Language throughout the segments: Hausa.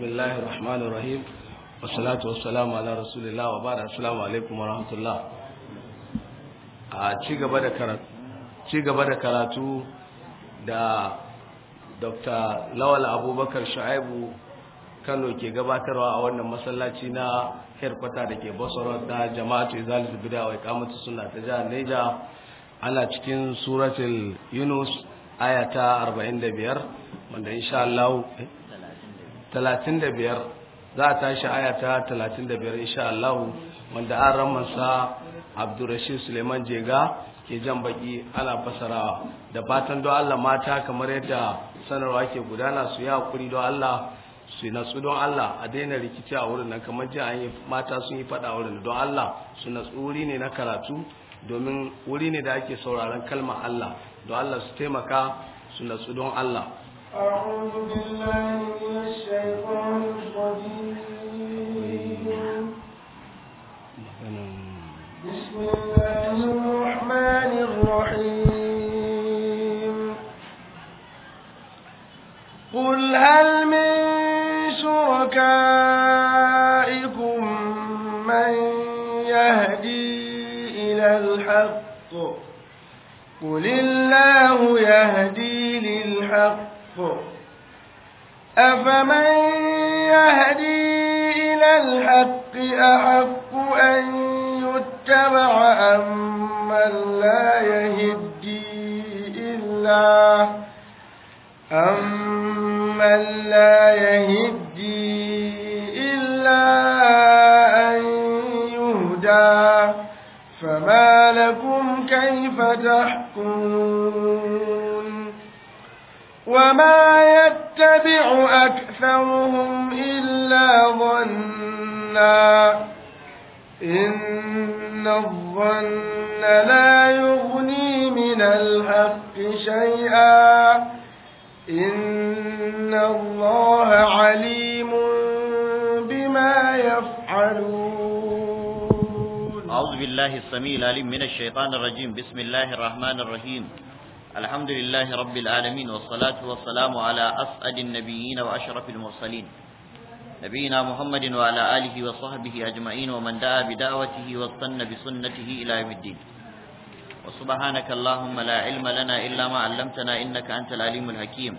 بسم الله الرحمن الرحيم والصلاة والسلام على رسول الله وبعد السلام عليكم ورحمة الله ci gaba da karatu da Dr. Lawal Abubakar shaibu Kano ke gabatarwa a wannan masallaci na herkwata da ke Basoro da jama'atu Izalatu Bid'a wa Iqamatu Sunna ta jihar Neja ana cikin suratul Yunus ayata 45 wanda insha Allah eh, 35 za a tashi ayata ta 35 insha Allah wanda an ramansa Abdurrashid Suleiman Jega ke jan baki ana fasarawa da fatan don Allah mata kamar yadda sanarwa ke gudana su yi hakuri don Allah su natsu don Allah a daina rikici a wurin nan kamar jiya an yi mata sun yi fada wurin don Allah su natsu wuri ne na karatu domin wuri ne da ake sauraron kalmar Allah don Allah su taimaka su natsu don Allah أعوذ بالله من الشيطان الرجيم بسم الله الرحمن الرحيم قل هل من شركائكم من يهدي إلى الحق قل الله يهدي للحق أفمن يهدي إلى الحق أحق أن يتبع أم من لا يهدي إلا أمن لا يهدي إلا أن يهدى فما لكم كيف تحكمون وما يتبع أكثرهم إلا ظنا إن الظن لا يغني من الحق شيئا إن الله عليم بما يفعلون أعوذ بالله السميع العليم من الشيطان الرجيم بسم الله الرحمن الرحيم الحمد لله رب العالمين والصلاة والسلام على أسعد النبيين وأشرف المرسلين نبينا محمد وعلى آله وصحبه أجمعين ومن دعا بدعوته واستنى بسنته إلى يوم الدين وسبحانك اللهم لا علم لنا إلا ما علمتنا إنك أنت العليم الحكيم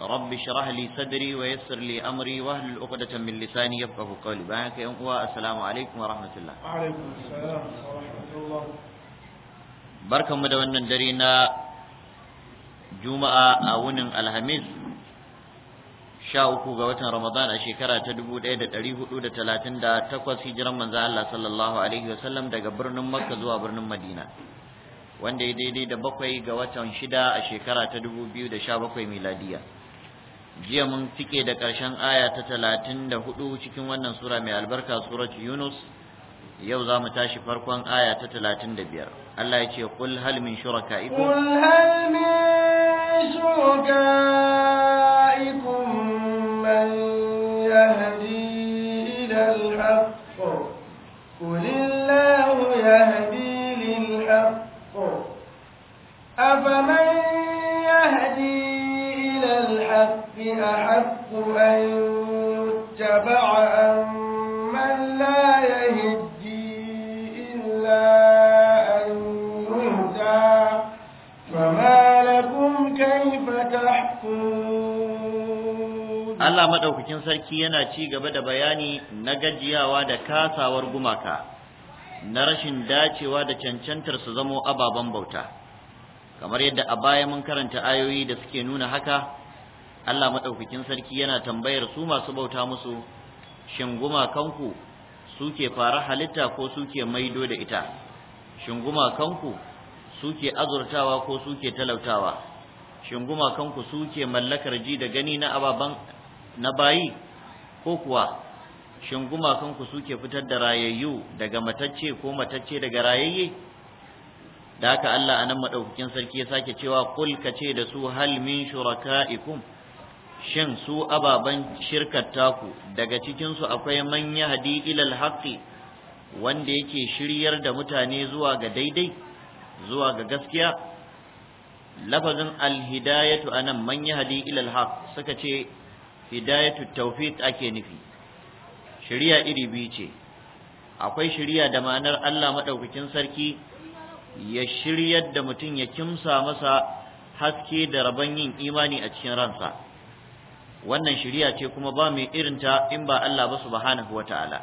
رب اشرح لي صدري ويسر لي أمري واهل العقدة من لساني يفقه قولي بارك يا السلام عليكم ورحمة الله وعليكم السلام ورحمة الله barkanmu da wannan dare na juma'a a wunin alhamis sha uku ga watan ramadan a shekara ta dubu ɗaya da ɗari hudu da talatin da takwas hijiran manzo Allah sallallahu alaihi wasallam daga birnin makka zuwa birnin madina wanda ya daidai da bakwai ga watan shida a shekara ta dubu biyu da sha bakwai miladiya jiya mun tike da ƙarshen aya ta talatin da hudu cikin wannan sura mai albarka surat yunus yau za mu tashi farkon aya ta talatin da biyar Allah ya ce kul hal min shuraka'ikum kul hal min shuraka'ikum man yahdi ila al-haqq qul illahu yahdi lil-haqq afaman yahdi ila al-haqq ahqqu an yuttaba Allah madaukakin sarki yana ci gaba da bayani na gajiyawa da kasawar gumaka na rashin dacewa da cancantar su zamo ababen bauta kamar yadda a baya mun karanta ayoyi da suke nuna haka Allah madaukakin sarki yana tambayar su masu bauta musu shin gumakanku suke fara halitta ko suke maido da ita shin gumakanku suke azurtawa ko suke talautawa shin gumakanku suke mallakar ji da gani na ababen na bayi ko kuwa shin gumakanku suke fitar da rayayyu daga matacce ko matacce daga rayayye da haka Allah anan madaukakin sarki ya sake cewa kul kace da su hal min shuraka'ikum shin su ababan shirkar taku daga cikin su akwai man hadi ilal haqqi wanda yake shiryar da mutane zuwa ga daidai zuwa ga gaskiya lafazin alhidayatu anan man hadi ilal haqq suka ce hidayatu tawfiq ake nufi shari'a iri biyu ce akwai shari'a da ma'anar Allah madaukakin sarki ya shiryar da mutum ya kimsa masa haske da rabon yin imani a cikin ransa wannan shari'a ce kuma ba mai ta in ba Allah ba subhanahu wata'ala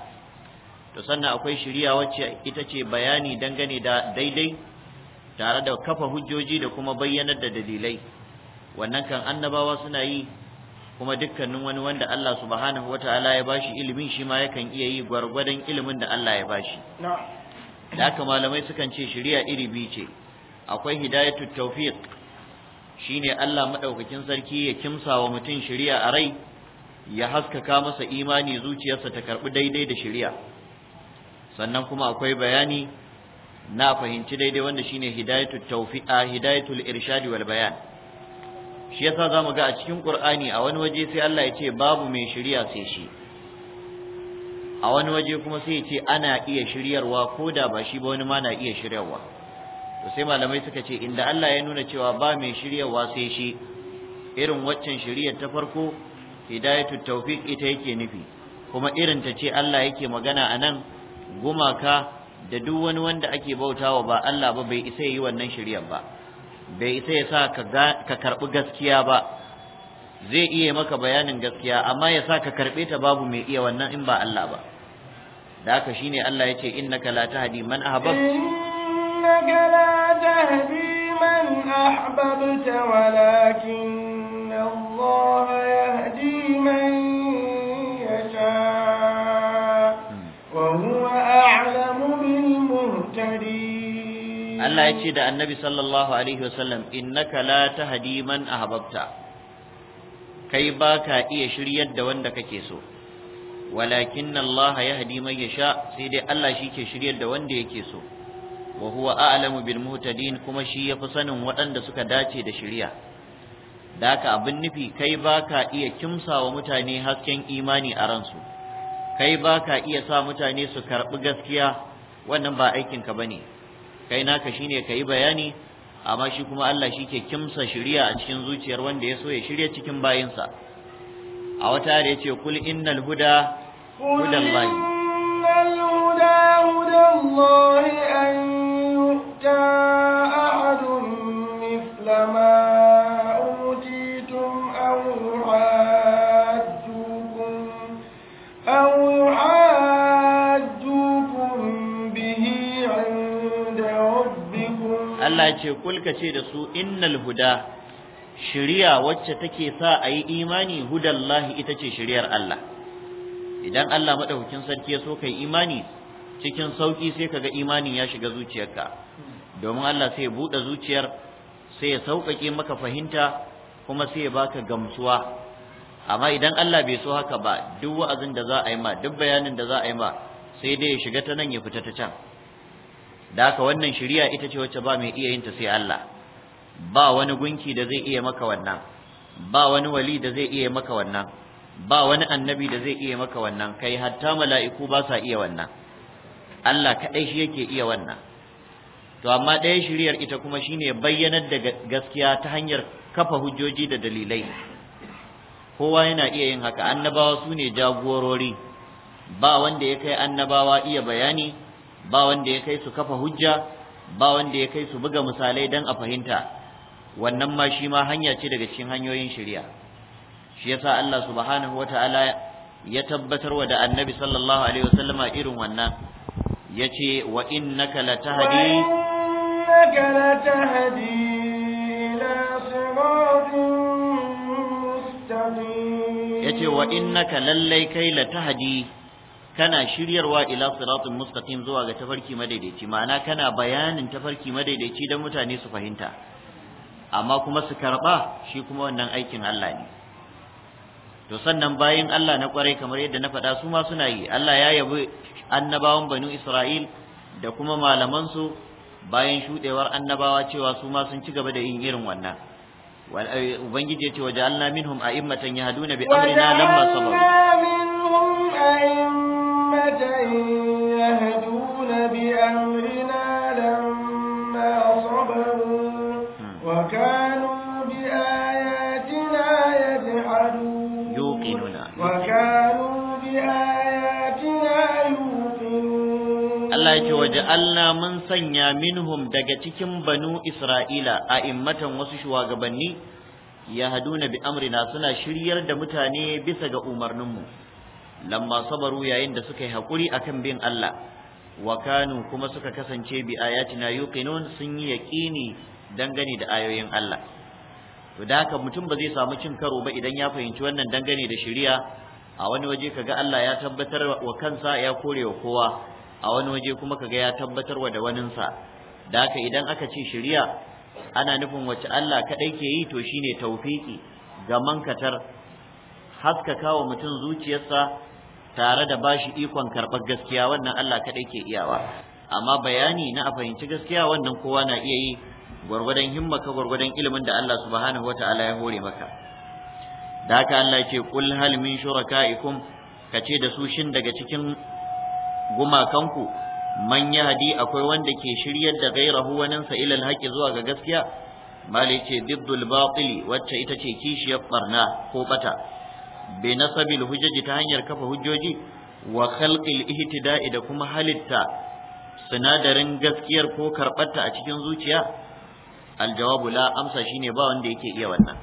to sannan akwai shari'a wacce ita ce bayani dangane da daidai tare da kafa hujjoji da kuma bayyanar da dalilai wannan kan annabawa suna yi kuma dukkanin wani wanda Allah subhanahu wataala ya bashi ilimin shi ma yakan iya yi gwargwadon ilimin da Allah ya bashi da haka malamai sukan ce shari'a iri biyu ce akwai hidayatut tawfiq shine Allah madaukakin sarki ya kimsa wa mutum shari'a a rai ya haskaka masa imani zuciyarsa ta karbi daidai da shari'a sannan kuma akwai bayani na fahimci daidai wanda shine hidayatul tawfiqa hidayatul irshadi wal bayan shi yasa zamu ga a cikin Qur'ani a wani waje sai Allah ya ce babu mai shirya sai shi a wani waje kuma sai ya ce ana iya shiryarwa ko da ba shi ba wani ma na iya shiryarwa to sai malamai suka ce inda Allah ya nuna cewa ba mai shiryarwa sai shi irin waccan shiryar ta farko hidayatu tawfiq ita yake nufi kuma irin ta ce Allah yake magana anan gumaka da duk wani wanda ake bautawa ba Allah ba bai isa yi wannan shiryar ba bai isa ya sa ka karɓi gaskiya ba zai iya maka bayanin gaskiya amma ya sa ka karɓe ta babu mai iya wannan in ba Allah ba da haka shine Allah yace innaka la tahdi man ahbab innaka la tahdi man ahbabta walakin Allah yahdi man Allah ya ce da annabi sallallahu alaihi wasallam innaka la tahdi man ahbabta kai ba ka iya shiryar da wanda kake so walakin Allah yahdi man yasha sai dai Allah shi ke shiryar da wanda yake so wa huwa a'lamu bil muhtadin kuma shi yafi sanin waɗanda suka dace da shiriya da haka abin nufi kai ba ka iya kimsawa mutane hasken imani a ransu kai ba ka iya sa mutane su karɓi gaskiya wannan ba aikinka ba ne kai naka shine ka yi bayani amma shi kuma Allah shi ke kimsa shiriya a cikin zuciyar wanda ya so ya shirya cikin bayinsa a wata da yace kul innal huda hudallahi innal huda Allah an yu'ta ahadun mithla ma Allah ya ce kulka ce da su innal huda shiriya wacce take sa a yi imani hudallahi ita ce shiriyar Allah idan Allah madaukakin sarki ya so kai imani cikin sauki sai kaga imani ya shiga zuciyarka domin Allah sai ya bude zuciyar sai ya sauƙaƙe maka fahimta kuma sai ya baka gamsuwa amma idan Allah bai so haka ba duk wa'azin da za a yi ma duk bayanin da za a yi ma sai dai ya shiga ta nan ya fita ta can da haka wannan shari'a ita ce wacce ba mai iya yin ta sai Allah ba wani gunki da zai iya maka wannan ba wani wali da zai iya maka wannan ba wani annabi da zai iya maka wannan kai hatta mala'iku ba sa iya wannan Allah kaɗai shi yake iya wannan to amma ɗaya shiriyar ita kuma shine bayyanar da gaskiya ta hanyar kafa hujjoji da dalilai kowa yana iya yin haka annabawa su ne jagorori ba wanda ya kai annabawa iya bayani ba wanda ya kai su kafa hujja ba wanda ya kai su buga misalai dan a fahimta wannan ma shi ma hanya ce daga cikin hanyoyin shari'a shi yasa Allah subhanahu wataala ya tabbatar wa da annabi sallallahu alaihi wasallama irin wannan yace wa innaka latahdi innaka latahdi ila siratin mustaqim yace wa innaka lallai kai latahdi kana shiryarwa ila siratul mustaqim zuwa ga tafarki madaidaici ma'ana kana bayanin tafarki madaidaici dan mutane su fahimta amma kuma su karba shi kuma wannan aikin Allah ne to sannan bayin Allah na kwarai kamar yadda na faɗa su ma suna yi Allah ya yabi annabawan banu Isra'il da kuma malaman su bayan shudewar annabawa cewa su ma sun ci gaba da yin irin wannan eh, ubangiji ya ce wa ja'alna minhum a'immatan yahduna bi amrina lamma sabaru Mata yin Yahaduna da Allah mun sanya minhum daga cikin banu isra'ila a immatan wasu shugabanni. Yahaduna biyar Amrina suna shiryar da mutane bisa ga umarnin mu lamma sabaru yayin da suka yi hakuri akan bin Allah wa kanu kuma suka kasance bi ayatina yuqinun sun yi yaqini dangane da ayoyin Allah to da haka mutum ba zai samu cin karo ba idan ya fahimci wannan dangane da shari'a a wani waje kaga Allah ya tabbatar wa kansa ya kore wa kowa a wani waje kuma kaga ya tabbatar wa da waninsa da haka idan aka ce shari'a ana nufin wacce Allah kaɗai ke yi to shine tawfiki ga mankatar haskaka wa mutum zuciyarsa tare da bashi ikon karɓar gaskiya wannan Allah kaɗai ke iyawa amma bayani na a fahimci gaskiya wannan kowa na iya yi gwargwadon himmaka gwargwadon ilimin da Allah subhanahu wata'ala ya hore maka da haka Allah ke kul hal min shuraka'ikum kace da su shin daga cikin gumakanku man yahdi akwai wanda ke shiryar da gairahu waninsa ila alhaqi zuwa ga gaskiya mali ce diddul batili wacce ita ce kishiyar barna ko bata bi nasabil hujjaji ta hanyar kafa hujjoji wa khalqil ihtida'i da kuma halitta sinadarin gaskiyar ko karɓarta a cikin zuciya aljawabu la amsa shine ba wanda yake iya wannan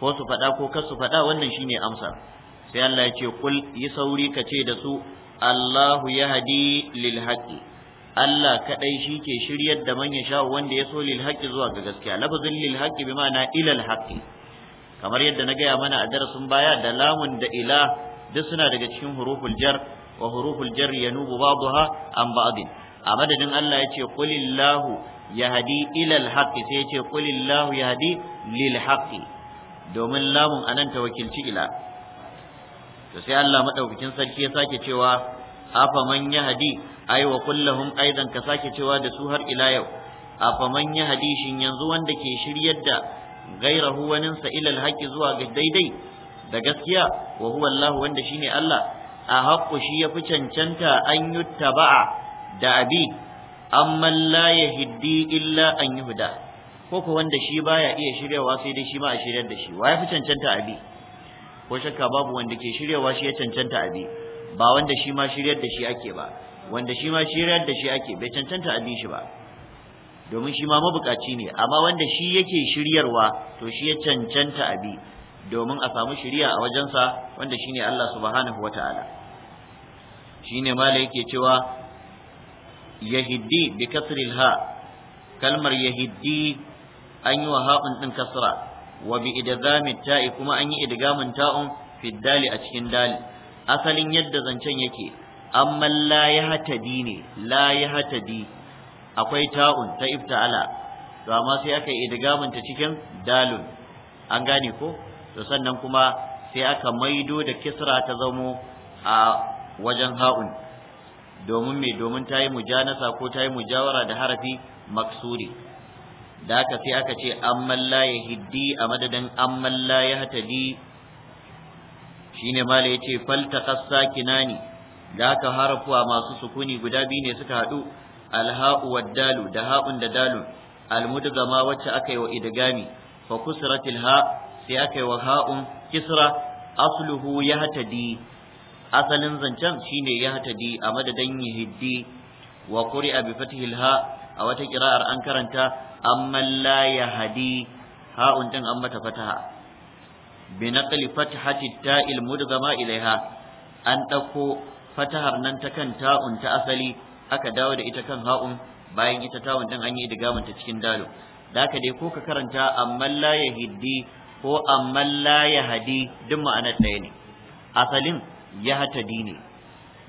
ko su faɗa ko kasu faɗa wannan shine amsa sai Allah ya ce kul yi sauri ka ce da su Allahu yahdi lil haqi. Allah kadai shi ke shiryar da manyan shawo wanda ya so lil haqi zuwa ga gaskiya lafazin lil haqi bi ma'ana ila al haqi. kamar yadda na gaya mana a darasin baya da lamun da ila duk suna daga cikin huruful jar wa huruful jar yanubu ba'daha an ba'din a madadin Allah yace qulillahu yahdi ila alhaqi sai yace qulillahu yahdi lilhaqi domin lamun anan wakilci ila to sai Allah madaukakin sarki ya sake cewa afa man yahdi ai wa kullahum aidan ka sake cewa da su har ila yau afa man yahdi shin yanzu wanda ke shiryar da gairahu waninsa ilal haƙi zuwa ga daidai da gaskiya wa huwa Allah wanda shine Allah a haƙƙu shi ya fi cancanta an yuttaba'a da abi amma la yahdi illa an yuhda ko ko wanda shi baya iya shiryawa sai dai shi ma a shiryar da shi wa ya fi cancanta abi ko shakka babu wanda ke shiryawa shi ya cancanta abi ba wanda shi ma shiryar da shi ake ba wanda shi ma shiryar da shi ake bai cancanta abi shi ba domin shi ma mabukaci ne amma wanda shi yake shiryarwa to shi ya cancanta abi domin a samu shiriya a wajensa wanda shine Allah subhanahu wataala shine mala yake cewa yahiddi bi kasril ha kalmar yahiddi an yi wa ha'un din kasra wa bi idgami ta'i kuma an yi idgamin ta'un fi dali a cikin dali asalin yadda zancen yake amma la yahtadi ne la yahtadi akwai ta'un ta ifta'ala to amma sai aka yi idgamin ta cikin dalun an gane ko to sannan kuma sai aka maido da kisra ta zamo a wajen ha'un domin me domin ta mujanasa ko tayi mujawara da harafi maksuri da aka sai aka ce amman la yahdi a madadin amman la yahtadi shine mala yace faltaqas sakinani da haka a masu sukuni guda biyu ne suka haɗu alha'u wa dalu da ha'un da dalun almudgama wacce aka yi wa idgami fa kusratil ha sai aka yi wa ha'un kisra asluhu yahtadi asalin zancen shine yahtadi a madadin yahdi wa quri'a bi fathil ha a wata kira'ar an karanta amman la hadi. ha'un din an mata fataha bi naqli fathati ta'il mudgama ilaiha an dauko fatahar nan ta kan ta'un ta asali aka dawo da ita kan ha'un bayan ita tawun din an yi digamanta ta cikin dalo da haka dai ko ka karanta amman la hiddi ko amman la hadi duk ma'anar ɗaya ne asalin ya hatadi ne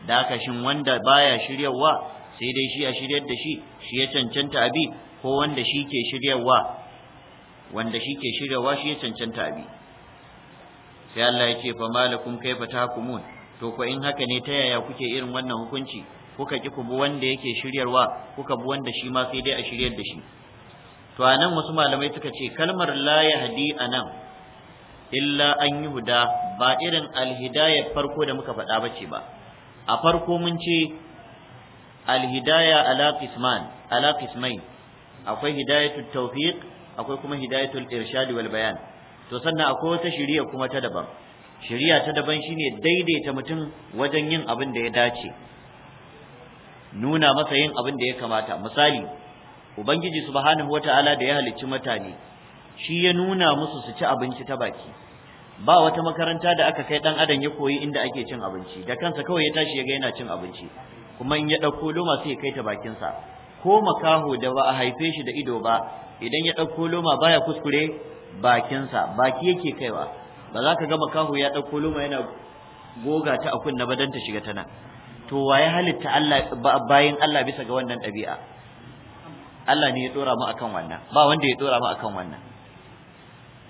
da haka shin wanda baya shiryawa sai dai shi a shiryar da shi shi ya cancanta abi ko wanda shi ke shiryawa wanda shi ke shiryawa shi ya cancanta abi sai Allah ya ce fa malakum kaifa tahkumun to ko in haka ne ta yaya kuke irin wannan hukunci kuka ki ku bi wanda yake shiryarwa kuka bi wanda shi ma sai dai a shiryar da shi to anan wasu malamai suka ce kalmar la yahdi anan illa an yi huda ba irin alhidayar farko da muka faɗa ce ba a farko mun ce alhidaya ala qisman ala qismain akwai hidayatul tawfiq akwai kuma hidayatul irshad wal bayan to sannan akwai wata shiriya kuma ta daban shiriya ta daban shine daidaita mutum wajen yin abin da ya dace nuna masa yin abin da ya kamata misali ubangiji subhanahu wataala da ya halicci mutane shi ya nuna musu su ci abinci ta baki ba wata makaranta da aka kai dan adam ya koyi inda ake cin abinci da kansa kawai ya tashi ya ga yana cin abinci kuma in ya dauko loma sai ya kai ta bakin sa ko makaho da ba a haife shi da ido ba idan ya dauko loma baya kuskure bakin sa baki yake kaiwa ba za ka ga makaho ya dauko loma yana goga ta a kunna ba ta shiga ta nan to waye halitta Allah bayin Allah bisa ga wannan ɗabi'a Allah ne ya dora mu akan wannan ba wanda ya dora mu akan wannan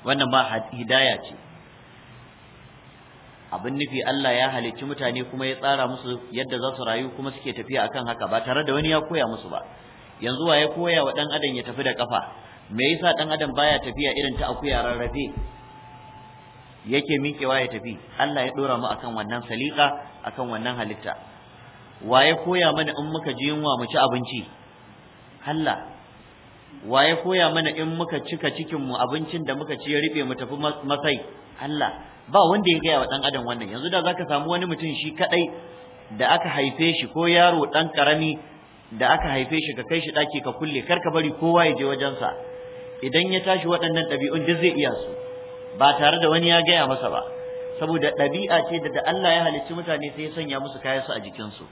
wannan ba hidaya ce abin nufi Allah ya halicci mutane kuma ya tsara musu yadda za su rayu kuma suke tafiya akan haka ba tare da wani ya koya musu ba yanzu wa ya koya wa dan adam ya tafi da kafa me yasa dan adam baya tafiya irin ta akuya rarrafe yake miƙewa ya tafi Allah ya dora mu akan wannan salika akan wannan halitta waye koya mana in muka ji yunwa mu ci abinci Allah waye koya mana in muka cika cikin mu abincin da muka ci ya rufe mu tafi masai Allah ba wanda ya gaya wa dan adam wannan yanzu da zaka samu wani mutum shi kadai da aka haife shi ko yaro dan karami da aka haife shi ka kai shi daki ka kulle kar ka bari kowa ya je wajensa idan ya tashi waɗannan ɗabi'un duk zai iya su ba tare da wani ya gaya masa ba saboda ɗabi'a ce da Allah ya halicci mutane sai ya sanya musu kayansu a jikinsu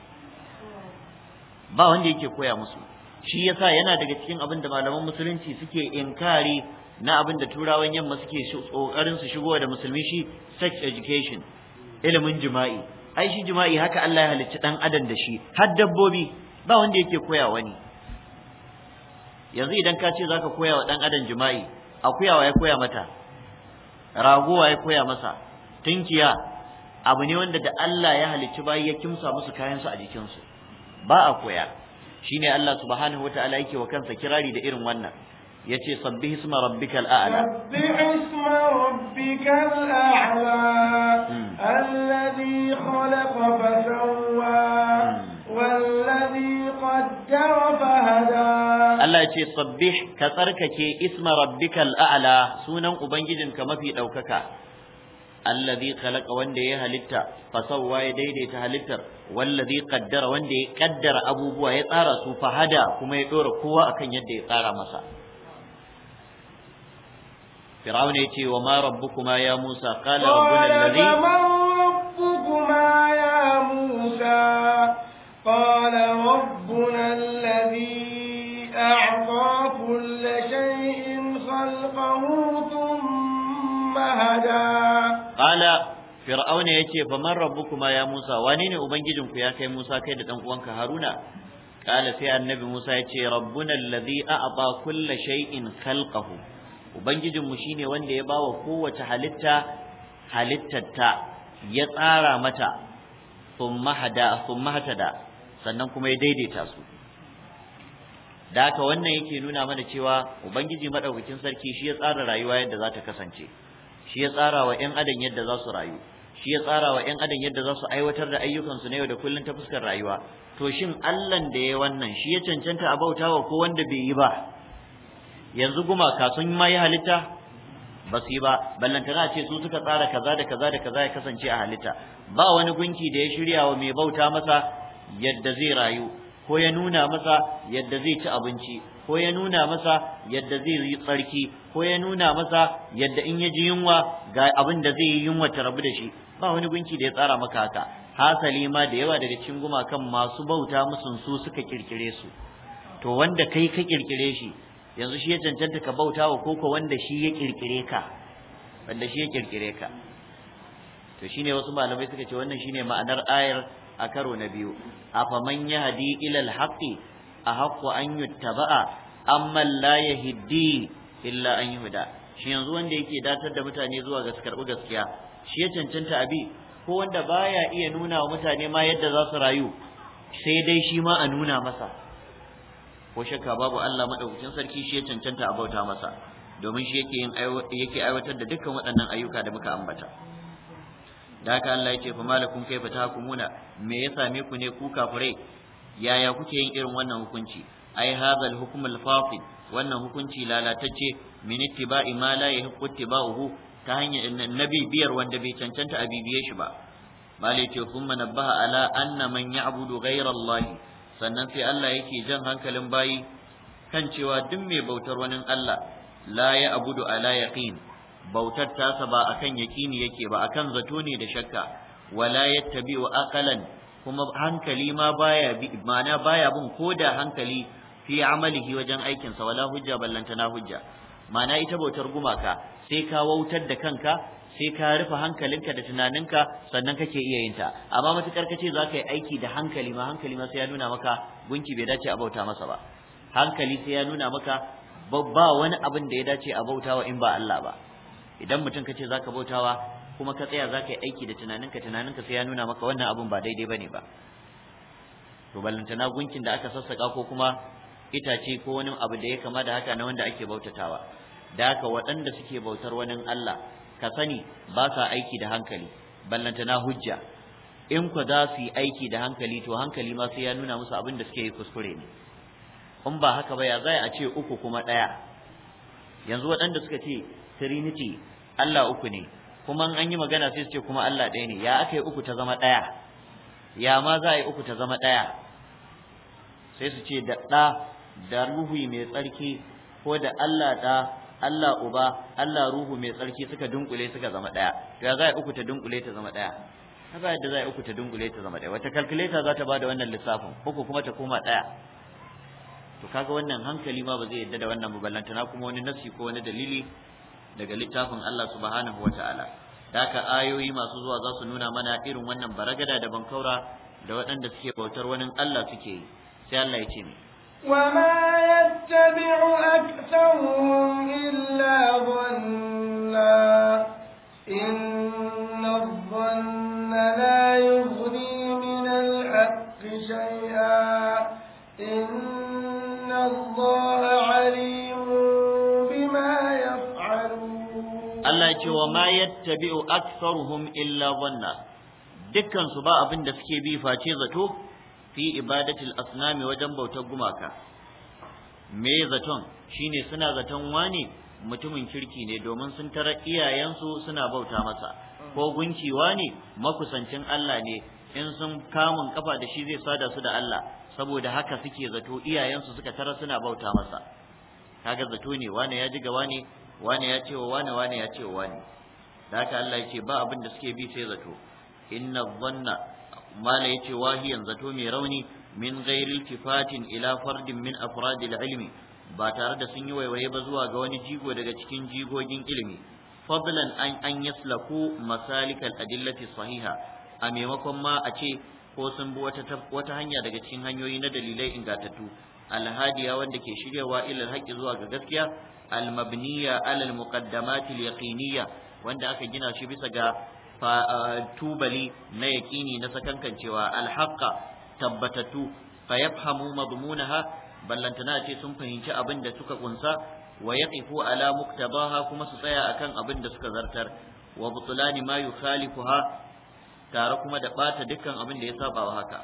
ba wanda yake koya musu shi yasa yana daga cikin abin da malaman musulunci suke inkari na abin da turawan yamma suke kokarin su shigo da musulmi shi sex education ilimin jima'i ai shi jima'i haka Allah ya halicci dan adam da shi har dabbobi ba wanda yake koya wani yanzu idan ka ce zaka koya wa dan adam jima'i akuyawa ya koya mata ragowa ya koya masa tinkiya abu ne wanda da Allah ya halicci bayi ya kimsa musu kayan su a jikinsu ba a koya ne Allah subhanahu wataala yake wa kansa kirari da irin wannan Ya ce sabbih isma rabbikal a'la sabbih isma rabbikal a'la hmm. alladhi khalaqa fa sawwa والذي قدر فهدى Allah ya ce sabbih ka tsarkake isma rabbikal a'la sunan ubangijinka mafi daukaka allazi khalaqa wanda ya halitta fa ya daidaita halittar wallazi qaddara wanda ya kaddara abubuwa ya tsara su fahada hada kuma ya dora kowa akan yadda ya tsara masa فرعون yace wa ربكما يا موسى قال ربنا الذي وما ربكما يا موسى قال ربنا الذي أعطى كل شيء خلقه qala fir'auna yace fa man rabbukuma ya musa wane ne ubangijinku ya kai musa kai da dan uwanka haruna kala sai annabi musa yace rabbuna alladhi a'ta kulla shay'in khalqahu ubangijinmu shine wanda ya bawa kowace halitta halittarta ya tsara mata thumma hada thumma sannan kuma ya daidaita su da wannan yake nuna mana cewa ubangiji madaukakin sarki shi ya tsara rayuwa yadda za ta kasance shi ya tsara wa ƴan adam yadda za su rayu shi ya tsara wa ƴan adam yadda za su aiwatar da ayyukansu na yau da kullum ta fuskar rayuwa to shin Allahn da ya wannan shi ya cancanta a bautawa ko wanda bai yi ba yanzu ka sun ma yi halitta ba su yi ba tana ce su suka tsara kaza da kaza da kaza ya kasance a halitta ba wani gunki da ya shirya wa mai bauta masa yadda zai rayu ko ya nuna masa yadda zai ci abinci ko ya nuna masa yadda zai yi tsarki ko ya nuna masa yadda in ya ji yunwa ga abin da zai yi yunwa ta rabu da shi ba wani gunki da ya tsara maka haka hasali ma da yawa daga cikin gumakan masu bauta musun su suka kirkire su to wanda kai ka kirkire shi yanzu shi ya cancanta ka bauta wa koko wanda shi ya kirkire ka wanda shi ya kirkire ka to shine wasu malamai suka ce wannan shine ma'anar ayar a karo na biyu afaman yahdi ila alhaqi ahaqqu an yuttaba'a amma la yahdi illa an yuhda shi yanzu wanda yake datar da mutane zuwa ga karɓi gaskiya shi ya cancanta abi ko wanda baya iya nuna wa mutane ma yadda za su rayu sai dai shi ma a nuna masa ko shakka babu Allah madaukakin sarki shi ya cancanta a bauta masa domin shi yake yin yake aiwatar da dukkan waɗannan ayyuka da muka ambata da haka Allah ya ce fa malakum kaifa tahkumuna me ya same ku ne ku kafirai yaya kuke yin irin wannan hukunci ai hadha al-hukm al-fasid wannan hukunci lalatacce min ittiba'i ma la yahiqqu ittiba'uhu ta hanyar nabi biyar wanda bai cancanta a bibiye shi ba malai ce kuma nabbaha ala anna man ya'budu ghayra sannan sai Allah yake jan hankalin bayi kan cewa duk mai bautar wani Allah la ya'budu ala yaqin bautar tasa ba akan yaqini yake ba akan zato ne da shakka wala yattabi'u aqalan kuma hankali ma baya bi ma'ana baya bin koda hankali fi amalihi wajen aikin sa wala hujja ballanta na hujja Mana ita bautar gumaka sai ka wautar da kanka sai ka rufe hankalinka da tunaninka sannan kake iya yin ta amma matukar kace za ka yi aiki da hankali ma hankali ma sai ya nuna maka gunki bai dace a bauta masa ba hankali sai ya nuna maka ba wani abin da ya dace a bautawa in ba Allah ba idan mutum kace zaka ka bautawa kuma ka tsaya za ka yi aiki da tunaninka tunaninka sai ya nuna maka wannan abun ba daidai ba ne ba to ballantana gunkin da aka sassaka ko kuma itace ko wani abu da ya kama da haka na wanda ake bautatawa da haka waɗanda suke bautar wani Allah ka sani ba sa aiki da hankali ballantana hujja in ku za su yi aiki da hankali to hankali ma sai ya nuna musu abin da suke yi kuskure ne in ba haka ba ya za a ce uku kuma ɗaya yanzu waɗanda suka ce trinity Allah uku ne kuma an yi magana sai su ce kuma Allah ɗaya ne ya aka yi uku ta zama ɗaya ya ma za a yi uku ta zama ɗaya sai su ce da ɗa da ruhu mai tsarki ko da Allah ɗa Allah uba Allah ruhu mai tsarki suka dunkule suka zama ɗaya to ya za a yi uku ta dunkule ta zama ɗaya ta ba yadda za a yi uku ta dunkule ta zama ɗaya wata calculator za ta ba da wannan lissafin uku kuma ta koma ɗaya to kaga wannan hankali ma ba zai yadda da wannan muballantana kuma wani nafsi ko wani dalili daga littafin Allah subhanahu ta'ala" daka ayoyi masu zuwa za su nuna mana irin wannan baragada da bankaura da waɗanda suke bautar wani Allah suke yi sai Allah ya ce mai وما يتبع أكثرهم إلا ظنا إن الظن لا يغني من الحق شيئا إن الله عليم Allah ya ce wa ma yattabi'u aktharuhum illa dhanna dukkan su ba abin da suke bi face zato fi ibadatil asnami wajen bautar gumaka me zaton shine suna zaton wani mutumin kirki ne domin sun tara iyayensu suna bauta masa ko gunki wani makusancin Allah ne in sun kamun kafa da shi zai sada su da Allah saboda haka suke zato iyayensu suka tara suna bauta masa kaga zato ne wani ya ji ga wani wani ya ce wa wani wani ya ce wa wani da haka Allah ya ce ba abin da suke bi sai zato inna dhanna mala ya ce wahiyan zato mai rauni min ghairi iltifatin ila fardin min afradil ilmi ba tare da sun yi waiwaye ba zuwa ga wani jigo daga cikin jigogin ilimi fadlan an an yaslaku masalikal adillati sahiha a maimakon ma a ce ko sun bi wata wata hanya daga cikin hanyoyi na dalilai ingantattu alhadiya wanda ke shiryawa ilal haqqi zuwa ga gaskiya al alal muqaddamati al wanda aka gina shi bisa ga tubali na yaqini na sakankancewa al-haqqa tabbatatu fa yafhamu madmunaha ballantana ce sun fahimci abin da suka kunsa wa yaqifu ala muktabaha kuma su tsaya akan abin da suka zartar wa butlani ma yukhalifuha tare kuma da bata dukkan abin da ya saba wa haka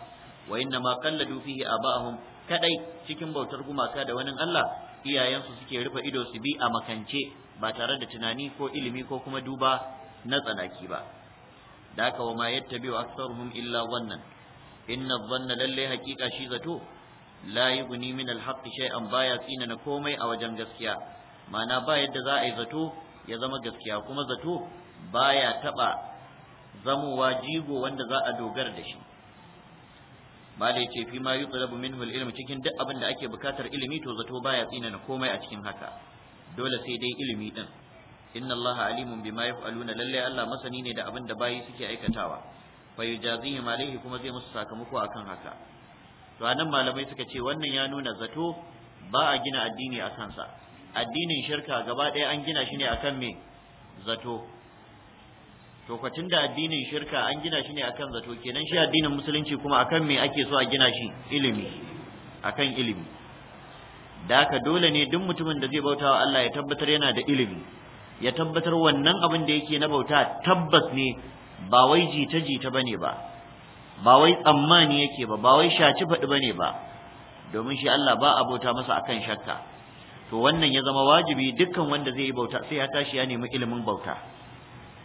wa inna ma qalladu fihi aba'ahum kadai cikin bautar gumaka da wani Allah iyayensu suke rufe ido su bi a makance ba tare da tunani ko ilimi ko kuma duba na tsanaki ba da haka wa ma aksar aktsaruhum illa wannan inna dhanna lalle haqiqa shi zato la guni min al shay'an baya tsina na komai a wajen gaskiya mana ba yadda za a yi zato ya zama gaskiya kuma zato baya taba zamowa jigo wanda za a dogara da shi malai ce fi ma yutlabu minhu al-ilm cikin duk abin da ake bukatar ilimi to zato baya na komai a cikin haka dole sai dai ilimi ɗin. inna Allah alimun bima yaf'aluna lallai Allah masani ne da abin da bayi suke aikatawa fa yujazihim malai kuma zai musu sakamako akan haka to anan malamai suka ce wannan ya nuna zato ba a gina addini a kansa addinin shirka gaba ɗaya an gina shi ne akan me zato to da addinin shirka an gina shi ne akan zato kenan shi addinin musulunci kuma akan me ake so a gina shi ilimi akan ilimi da ka dole ne duk mutumin da zai bauta wa Allah ya tabbatar yana da ilimi ya tabbatar wannan abin da yake na bauta tabbas ne ba wai jita jita bane ba ba wai tsammani yake ba ba wai shaci faɗi bane ba domin shi Allah ba a bauta masa akan shakka to wannan ya zama wajibi dukkan wanda zai yi bauta sai ya tashi ya nemi ilimin bauta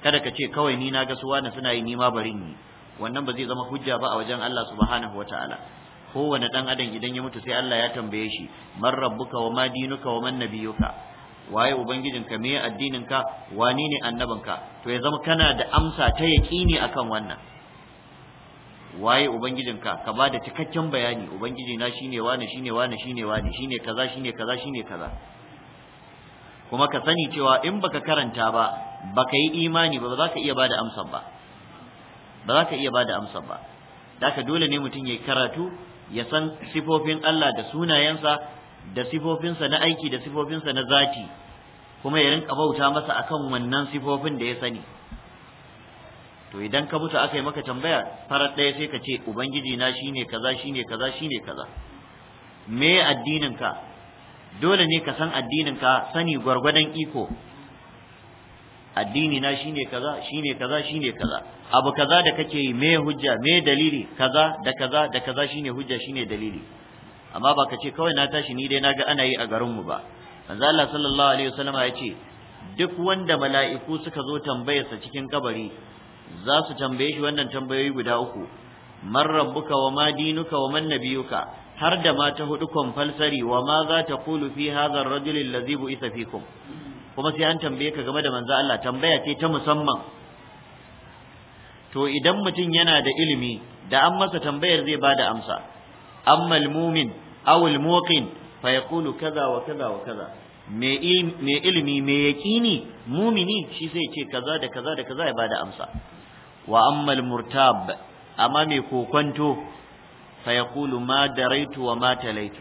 kada ka ce kawai ni na ga su wani suna yi nima ma bari ni wannan ba zai zama hujja ba a wajen Allah subhanahu wataala kowane dan adam idan ya mutu sai Allah ya tambaye shi man rabbuka wa ma dinuka wa man nabiyuka waye ubangijinka me addininka wani ne annabinka to ya zama kana da amsa ta yaqini akan wannan waye ubangijinka ka ba da cikakken bayani ubangiji na shine wani shine wani shine wani shine kaza shine kaza shine kaza kuma ka sani cewa in baka karanta ba baka yi imani ba ba za ka iya bada amsar ba ba za ka iya bada amsar ba daka dole ne mutum ya karatu ya san sifofin Allah da sunayensa da sifofinsa na aiki da sifofinsa na zati kuma ya rinka bauta masa akan wannan sifofin da ya sani to idan ka mutu aka yi maka tambaya farar ɗaya sai ka ce ubangiji na shine kaza shine kaza shine kaza me addinin ka dole ne ka san addininka sani gwargwadon iko addini na shine kaza shine kaza shine kaza abu kaza da kake yi me hujja me dalili kaza da kaza da kaza shine hujja shine dalili amma ba ka ce kawai na tashi ni dai naga ana yi a garin mu ba manzo Allah sallallahu alaihi wasallama ya ce duk wanda mala'iku suka zo tambayarsa cikin kabari za su tambaye shi wannan tambayoyi guda uku man rabbuka wa ma dinuka wa man nabiyuka har da ma ta hudu compulsory wa ma za ta kulu fi hadha ar Isa allazi bu'itha kuma sai an tambaye ka game da manzo Allah tambaya ce ta musamman to idan mutum yana da ilimi da an masa tambayar zai bada amsa amma al-mu'min aw al fa yaqulu kaza wa kaza wa kaza me ilimi me yaqini mumini shi sai ce kaza da kaza da kaza ya bada amsa wa amma al-murtab amma me kokwanto fa Kulu ma daraitu wa ma talaitu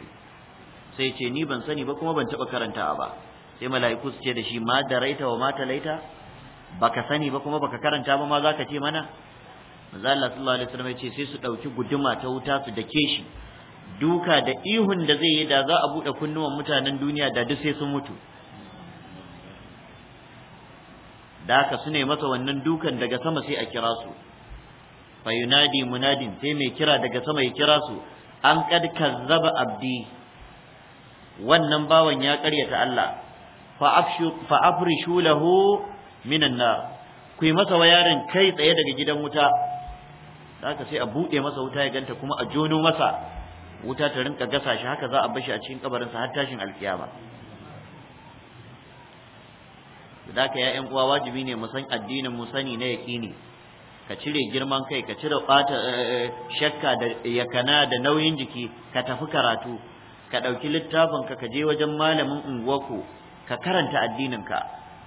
sai ce ni ban sani ba kuma ban taba karanta ba sai mala'iku su ce da shi ma daraita wa ma talaita baka sani ba kuma baka karanta ba ma zaka ce mana manzo Allah sallallahu alaihi wasallam ce sai su dauki guduma ta wuta su dake shi duka da ihun da zai yi da za a bude kunnuwan mutanen duniya da duk sai sun mutu da haka su ne masa wannan dukan daga sama sai a kira su fa munadin sai mai kira daga sama ya kira su an kad kazzaba abdi wannan bawan ya karyata Allah fa afshu fa afrishu lahu minan nar ku yi masa wayarin kai tsaye daga gidan wuta haka sai a buɗe masa wuta ya ganta kuma a jono masa wuta ta rinka gasa shi haka za a bashi a cikin kabarinsa har tashin alkiyama da haka ya ƴan uwa wajibi ne mu san addinin mu sani na yaƙini ka cire girman kai ka cire bata eh, eh, shakka da yakana da nauyin jiki ka tafi karatu ka ɗauki littafin ka ka je wajen malamin unguwarku ka karanta addinin ka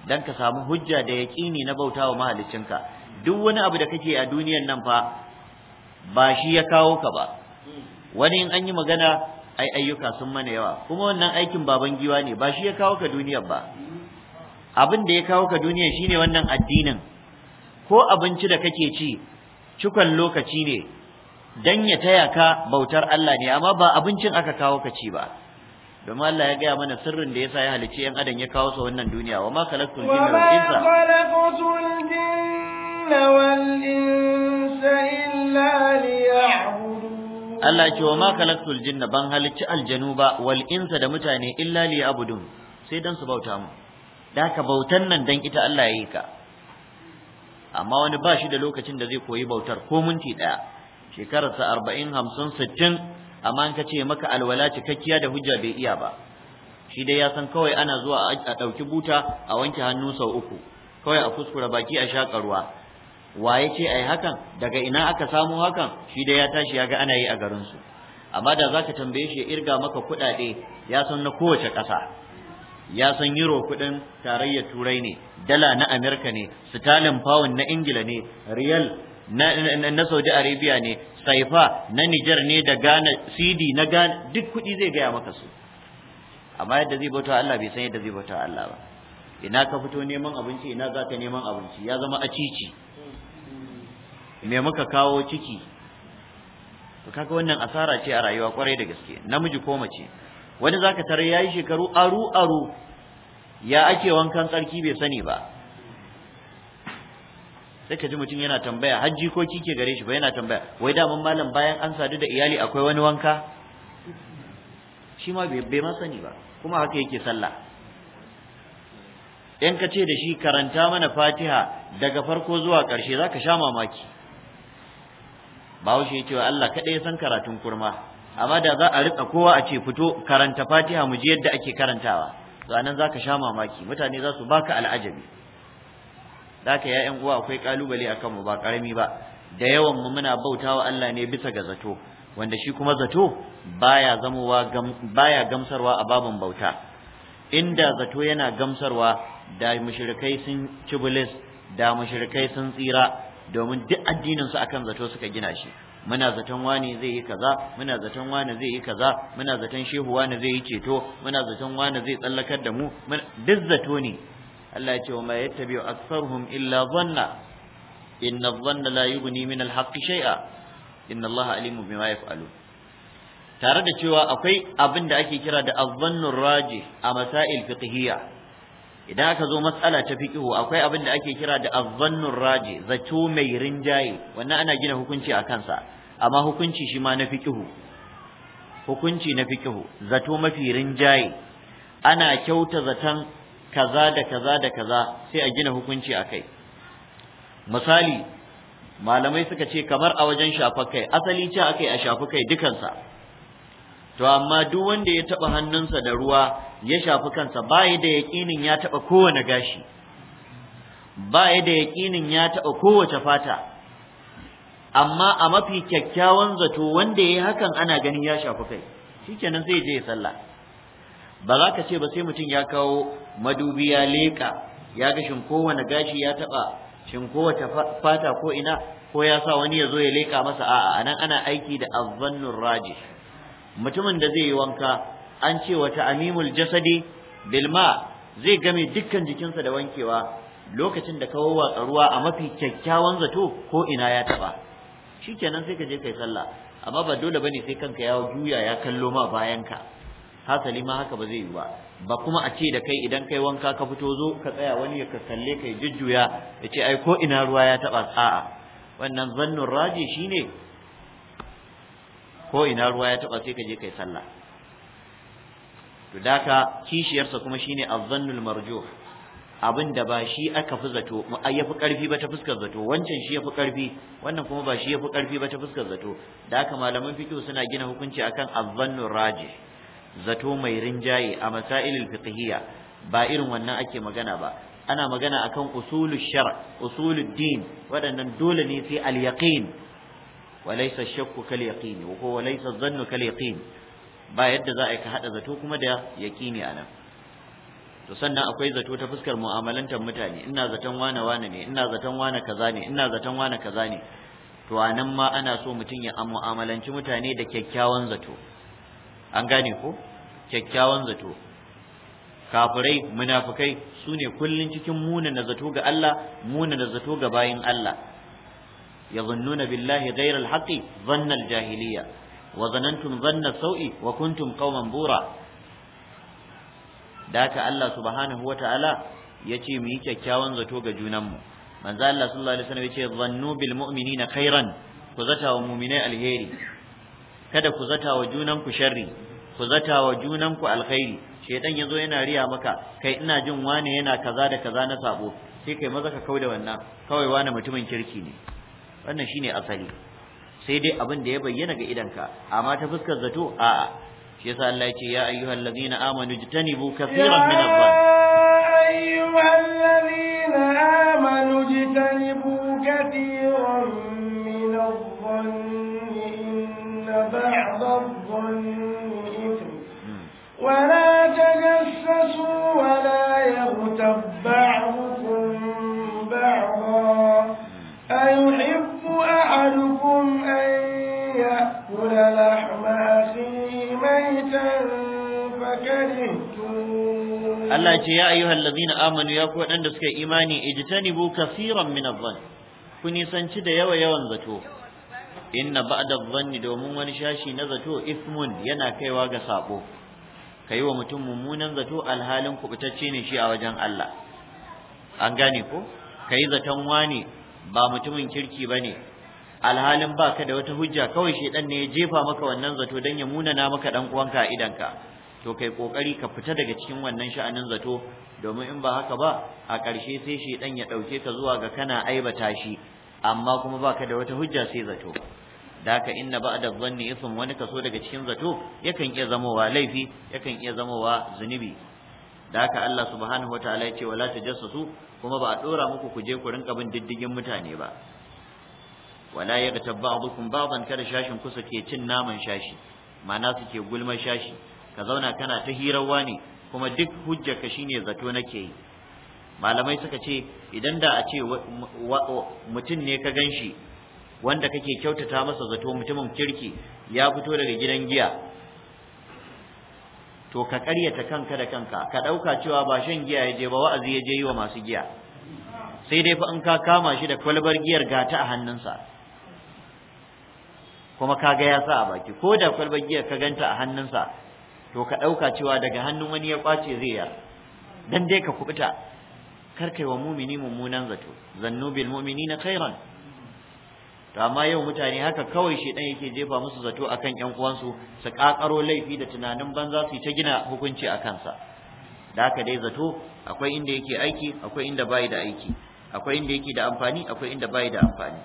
dan ka samu hujja da yaƙini na bautawa ka duk wani abu da kake a duniyan nan fa ba shi ya kawo ka ba wani in an yi magana ai ayyuka sun mana yawa kuma wannan aikin baban giwa ne ba shi ya kawo ka duniyar ba abin da ya kawo ka duniyar shine wannan addinin ko abinci da kake ci cikon lokaci ne dan ya taya ka bautar Allah ne amma ba abincin aka kawo ka ci ba domin Allah ya gaya mana sirrin da yasa ya halice yan adam ya kawo su wannan duniya wa ma khalaqtul jinna wal insa jinna wal insa illa liya'budun Allah ce wa ma khalaqtul jinna ban halicci aljanu ba wal insa da mutane illa liya'budun sai dan su bauta mu da ka bautan nan dan ita Allah ya yi ka amma wani ba shi da lokacin da zai koyi bautar ko minti ɗaya shekararsa arba'in hamsin sittin amma an ka ce maka alwala cikakkiya da hujja bai iya ba shi dai ya san kawai ana zuwa a ɗauki buta a wanke hannu sau uku kawai a kuskura baki a shaƙa ruwa wa ya ce ai hakan daga ina aka samu hakan shi dai ya tashi ya ga ana yi a garinsu amma da za ka tambaye shi ya irga maka kuɗaɗe ya san na kowace ƙasa ya san euro kudin tarayyar turai ne dala na amerika ne sitalin pound na ingila ne riyal na, saudi arabia ne saifa na niger ne da ghana cd na ghana duk kudi zai gaya maka su amma yadda zai bauta allah bai san yadda zai bauta allah ba ina ka fito neman abinci ina za ka neman abinci ya zama a cici me muka kawo ciki kaga wannan asara ce a rayuwa kwarai da gaske namiji ko mace wani zaka tare yayi shekaru aru aru ya ake wankan tsarki bai sani ba sai ka ji mutum yana tambaya har ko ke gare shi ba yana tambaya wai daman malam bayan an sadu da iyali akwai wani wanka shi ma bai ma sani ba kuma haka yake sallah in ka ce da shi karanta mana fatiha daga farko zuwa ƙarshe za ka sha mamaki bahaushe ya ce wa Allah kaɗai ya san karatun kurma amma da za a ritsa kowa a ce fito karanta fatiha mu ji yadda ake karantawa to anan zaka sha mamaki mutane za su baka al'ajabi daka ya yan uwa akwai kalubale akan mu ba karami ba da yawan mu muna bautawa Allah ne bisa ga zato wanda shi kuma zato baya zamowa baya gamsarwa a babin bauta inda zato yana gamsarwa da mushrikai sun ci da mushrikai sun tsira domin duk addinin su akan zato suka gina shi muna zaton wani zai yi kaza muna zaton wani zai yi kaza muna zaton shehu wani zai yi ceto muna zaton wani zai tsallakar da mu duk zato ne Allah ya ce wa ma yattabi'u aktsaruhum illa dhanna inna dhanna la yughni min al shay'a inna Allah alimu bima yaf'alu tare da cewa akwai abin da ake kira da azzannur rajih a masail fiqhiyya idan aka zo matsala ta fiqihu akwai abin da ake kira da azzannur raji zato mai rinjaye wannan ana gina hukunci a kansa amma hukunci shi ma na fiqihu hukunci na fiqihu zato mafi rinjaye ana kyauta zaton kaza da kaza da kaza sai a gina hukunci a kai. misali malamai suka ce kamar a wajen shafakai asali ce akai a shafakai dukansa to amma duk wanda ya taba hannunsa da ruwa ya shafi kansa ba ya da yaƙinin ya taba kowane gashi ba ya da yaƙinin ya taba kowace fata amma a mafi kyakkyawan zato wanda yayi hakan ana ganin ya shafi kai shikenan zai je ya sallah ba za ka ce ba sai mutum ya kawo madubi ya leƙa ya ga shin kowane gashi ya taba shin kowace fata ko ina ko ya sa wani ya zo ya leka masa a'a anan ana aiki da azzannur rajih mutumin da zai yi wanka an ce wa ta'mimul jasadi bilma zai game dukkan jikinsa da wankewa lokacin da kawo watsa ruwa a mafi kyakkyawan zato ko ina ya taba shikenan sai ka je kai sallah amma ba dole bane sai kanka ya juya ya kallo ma ka, hasali ma haka ba zai yi ba ba kuma a ce da kai idan kai wanka ka fito zo ka tsaya wani ya kalle kai jujjuya ya ce ai ko ina ruwa ya taba a'a wannan zannun raji shine ko ina ruwa ya taba sai ka je kai sallah to daka kishiyarsa kuma shine azzannul marjuh abinda ba shi aka fi zato ya fi ƙarfi ba ta fuskar zato wancan shi ya fi ƙarfi wannan kuma ba shi ya fi ƙarfi ba ta fuskar zato da ka malaman fiqh suna gina hukunci akan azzannu raji zato mai rinjaye a masailul fiqhiyya ba irin wannan ake magana ba ana magana akan usulul shar usulul din waɗannan dole ne sai al yaqin وليس shakku kal وهو wa الظن كاليقين dhannu kal yaqini ba yadda za a ka hada zato kuma da yaqini anan to sannan akwai zato ta fuskar mu'amalantar mutane ina zaton wane wane ne ina zaton wane kaza ne ina zaton wane kaza ne to anan ma ana so mutum ya mu'amalanci mutane da kyakkyawan zato an gane ko kyakkyawan zato kafirai munafikai su ne kullum cikin muna na zato ga Allah muna na zato ga bayin Allah يظنون بالله غير الحق ظن الجاهلية وظننتم ظن السوء وكنتم قوما بورا داك الله سبحانه وتعالى يتي مي kyakkyawan zato ga junanmu manzo Allah sallallahu alaihi wasallam yace zannu bil mu'minina ku zata wa mu'minai alheri kada ku zata wa junanku sharri ku zata wa junanku alkhairi shedan yazo yana riya maka kai ina jin wane yana kaza da kaza na saɓo, sai kai maza ka kauda wannan kawai wane mutumin kirki ne wannan shine asali sai dai abin da ya bayyana ga idanka amma ta fuskar zato a shi yasa Allah ya ce ya ayyuhal ladina amanu jitanibu kaseeran min adh-dhann ayyuhal ladina amanu jitanibu kaseeran min adh-dhann inna ba'd adh-dhanni hmm. Allah ce ya ayyuhal ladzina amanu ya ku wadanda suka imani ijtanibu kaseeran min adh-dhann ku nisanci da yawa yawan zato inna ba'da adh-dhanni domin wani shashi na zato ismun yana kaiwa ga sabo kaiwa wa mutum mummunan zato alhalin kubutacce ne shi a wajen Allah an gane ko kai zaton wani ba mutumin kirki bane alhalin baka da wata hujja kawai shedan ne ya jefa maka wannan zato dan ya munana maka dan uwanka a idanka to kai kokari ka fita daga cikin wannan sha'anin zato domin in ba haka ba a ƙarshe sai shedan ya dauke ka zuwa ga kana aibata tashi, amma kuma baka da wata hujja sai zato da ka inna ba'da dhanni ism wani kaso daga cikin zato yakan iya zamowa laifi yakan iya zamowa zunubi da ka Allah subhanahu wataala ya ce wala tajassasu kuma ba a dora muku ku je ku rinka bin diddigin mutane ba wala yaghtab ba'dukum ba'dan kada shashin kusa ke cin naman shashi ma'ana suke gulma shashi ka zauna kana ta hirarwa ne kuma duk ka shine zato nake yi malamai suka ce idan da a ce mutum ne ka ganshi wanda kake kyautata masa zato mutumin kirki ya fito daga gidan giya to ka karyata kanka da kanka ka ɗauka cewa ba shan giya ya je ba wa'azi ya je yi wa masu giya sai dai fa in ka kama shi da kwalbar giyar gata a hannunsa kuma ka ga ya sa a baki ko da kwalbar giyar ka ganta a hannunsa to ka ɗauka cewa daga hannun wani ya ƙwace zai ya dan dai ka kubuta karkai wa mumini mummunan zato zannu bil na khairan to amma yau mutane haka kawai shi dan yake jefa musu zato akan ƴan uwansu su kakaro laifi da tunanin banza su ta gina hukunci a kansa da haka dai zato akwai inda yake aiki akwai inda bai da aiki akwai inda yake da amfani akwai inda bai da amfani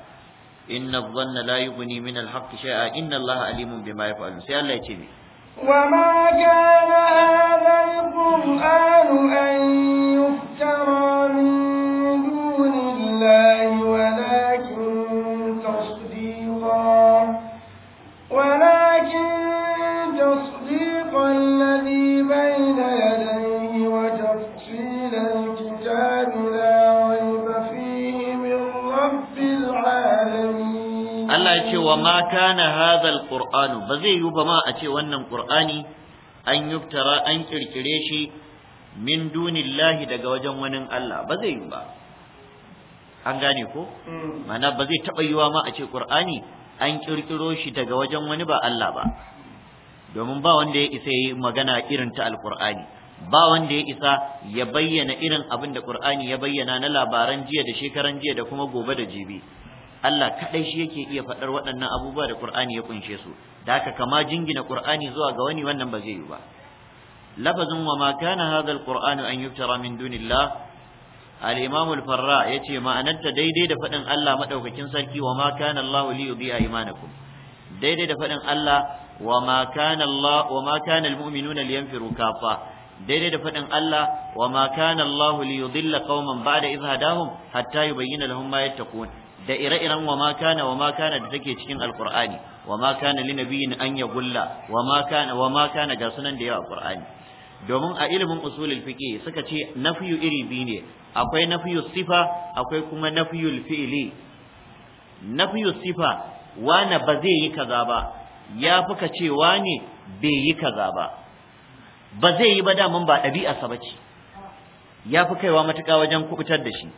inna dhanna la yughni min al-haqqi shay'a inna allaha alimun bima yaf'alun sai Allah ya ce وما كان هذا القرآن أن يفترى من wa ma kana hadha alqur'anu ba zai yi ba ma a ce wannan qur'ani an yuftara an kirkire shi min dunillahi daga wajen wani Allah ba zai yi ba an gane ko mana hmm. ba zai taba yiwa ma a ce qur'ani an kirkiro shi daga wajen wani ba Allah ba domin ba wanda ya isa yi magana irin ta alqur'ani ba wanda ya isa ya bayyana irin abin da Qur'ani ya bayyana na labaran jiya da shekaran jiya da kuma gobe da jibi Allah kadai shi yake iya faɗar waɗannan abubuwa da Qur'ani ya kunshe su da haka kama jingina Qur'ani zuwa ga wani wannan ba zai yi ba lafazin wa ma kana hadha alqur'anu an yuftara min dunillah al-imam al-farra yace ma'anarta daidai da faɗin Allah madaukakin sarki wa ma kana Allah li yudhi'a imanakum daidai da faɗin Allah wa ma kana Allah wa ma kana liyanfiru kafa daidai da faɗin Allah wa ma kana Allah li yudilla qauman ba'da idh hadahum hatta yubayyana lahum ma yattaqun da ire-iren wa ma kana wa ma kana da take cikin alqur'ani wa ma kana linabiyin an ya gulla wa ma kana wa ma kana ga sunan da yawa alqur'ani domin a ilimin usulul fiqi suka ce nafyu iri biyu ne akwai nafyu sifa akwai kuma nafyu fi'li nafyu sifa wani ba zai yi kaza ba ya fuka ce wani bai yi kaza ba ba zai yi ba daman ba ɗabi'arsa ba ce ya fi kaiwa matuƙa wajen kubutar da shi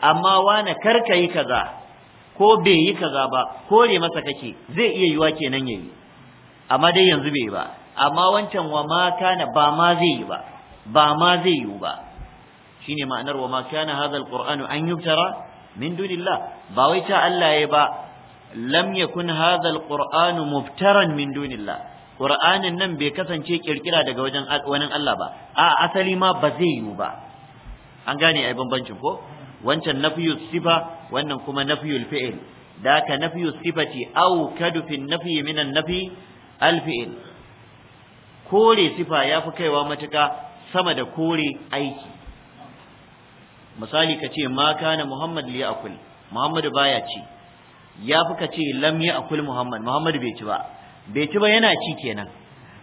amma wane karka yi kaza ko bai yi kaza ba kore masa kake zai iya yiwa kenan yayi amma dai yanzu bai ba amma wancan wa ma kana ba ma zai yi ba ba ma zai yi ba shine ma'anar wa ma kana hadha alqur'anu an yubtara? min dunillah ba wai ta Allah yayi ba lam yakun hadha alqur'anu muftaran min dunillah qur'anin nan bai kasance kirkira daga wajen wani Allah ba a asali ma ba zai yi ba an gane ai bambancin ko wancan nafiyu sifa wannan kuma nafiyul fi'il da ka nafiyu sifati aw kadu fi nafi min an nafi al fi'il kore sifa yafi kaiwa matuka sama da kore aiki misali ka ce ma kana muhammad li yakul muhammad baya ci yafi ka ce lam yakul muhammad muhammad bai ci ba bai ci ba yana ci kenan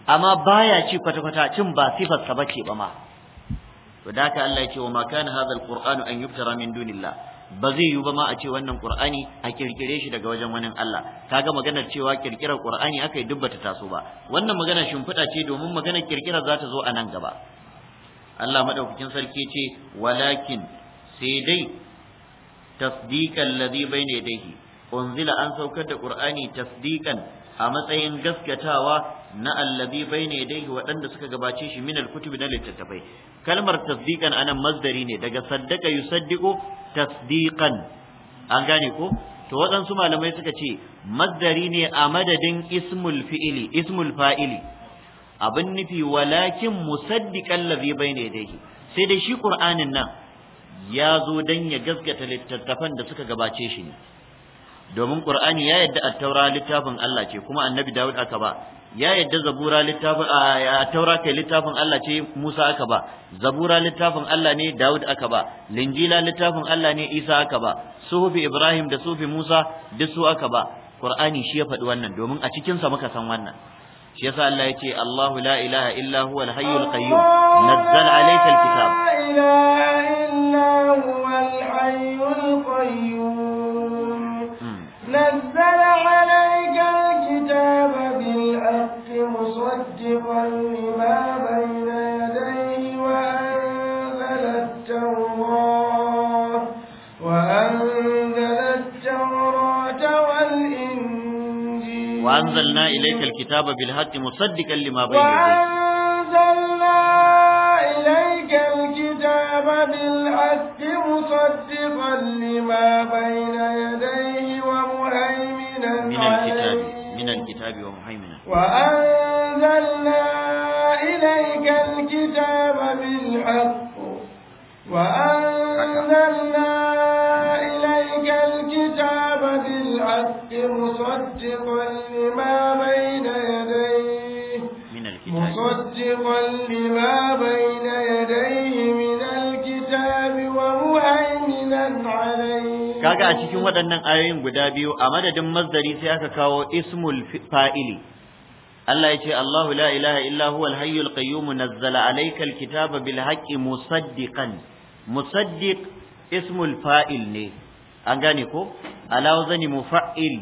amma baya ci kwata-kwata cin ba sifar ka bace ba ma to da haka Allah ya ce wa ma kana hadha alqur'anu an yuftara min dunillah ba zai yi ba ma a ce wannan qur'ani a kirkire shi daga wajen wani Allah kaga maganar cewa kirkirar qur'ani aka yi dubbata taso ba wannan magana shimfiɗa ce domin maganar kirkirar za ta zo a nan gaba Allah madaukakin sarki ce walakin sai dai tasdiqan ladhi bayna yadayhi unzila an saukar da qur'ani tasdiqan a matsayin gaskatawa na bai ne dai waɗanda suka gabace shi minal alkutubi na littattafai kalmar tasdiqan anan masdari ne daga saddaka yusaddiqu tasdiqan an gane ko to waɗansu malamai suka ce masdari ne a madadin ismul fi'ili ismul fa'ili abin nufi walakin musaddiqan allazi ne dai, sai dai shi qur'anin nan ya zo dan ya gaskata littattafan da suka gabace shi ne domin qur'ani ya yadda at-taura littafin Allah ce kuma annabi Dawud aka ba ya yadda zabura littafin a taura kai littafin Allah ce Musa aka ba zabura littafin Allah ne Dawud aka ba linjila littafin Allah ne Isa aka ba suhufi Ibrahim da suhufi Musa duk su aka ba Qur'ani shi ya faɗi wannan domin a cikin sa muka san wannan shi yasa Allah yace Allahu la ilaha illa huwal hayyul qayyum nazzala alayka alkitab la ilaha illa hayyul qayyum نزل عليك الكتاب بالحق مصدقا لما بين يديه وأنزل التوراة وأنزل التوراة والإنجيل وأنزلنا إليك الكتاب بالحق مصدقا لما بين يديه وأنزلنا إليك بالحق مصدقا لما بين يديه ومهيمنا من الكتاب من الكتاب ومهيمنا وأنزلنا إليك الكتاب بالحق وأنزلنا إليك الكتاب بالحق مصدقا لما بين يديه مصدقا لما بين يديه من kaga a cikin waɗannan ayoyin guda biyu a madadin mazdari sai aka kawo ismul fa'ili Allah ya ce Allahu la ilaha illa huwa al-hayyul qayyum nazzala alayka al-kitaba bil haqqi musaddiqan musaddiq ismul fa'il ne an gane ko ala mufa'il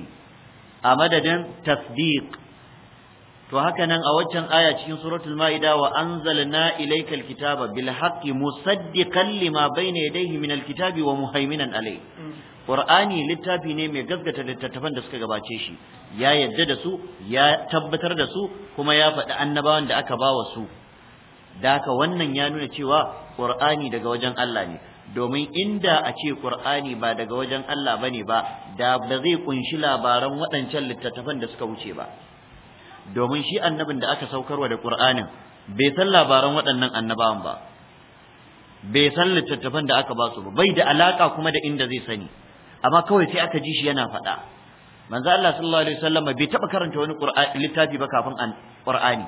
a madadin tasdiq to haka nan a waccan aya cikin suratul ma'ida wa anzalna ilayka kitaba bil haqqi musaddiqan lima bayna yadayhi min alkitabi kitabi wa muhaiminan alayhi mm. qur'ani littafi ne mai gaskata littattafan da suka gabace shi ya yadda da su ya tabbatar da su kuma ya faɗi annabawan da aka bawa su da ka wannan ya nuna cewa qur'ani daga wajen Allah ne domin inda a ce qur'ani ba daga wajen Allah bane ba da ba zai kunshi labaran waɗancan littattafan da suka wuce ba domin shi annabin da aka saukar wa da Qur'anin bai san labaran waɗannan annabawan ba bai san littattafan da aka ba su ba bai da alaka kuma da inda zai sani amma kawai sai aka ji shi yana faɗa manzo Allah sallallahu alaihi wasallam bai taɓa karanta wani Qur'ani littafi ba kafin Qur'ani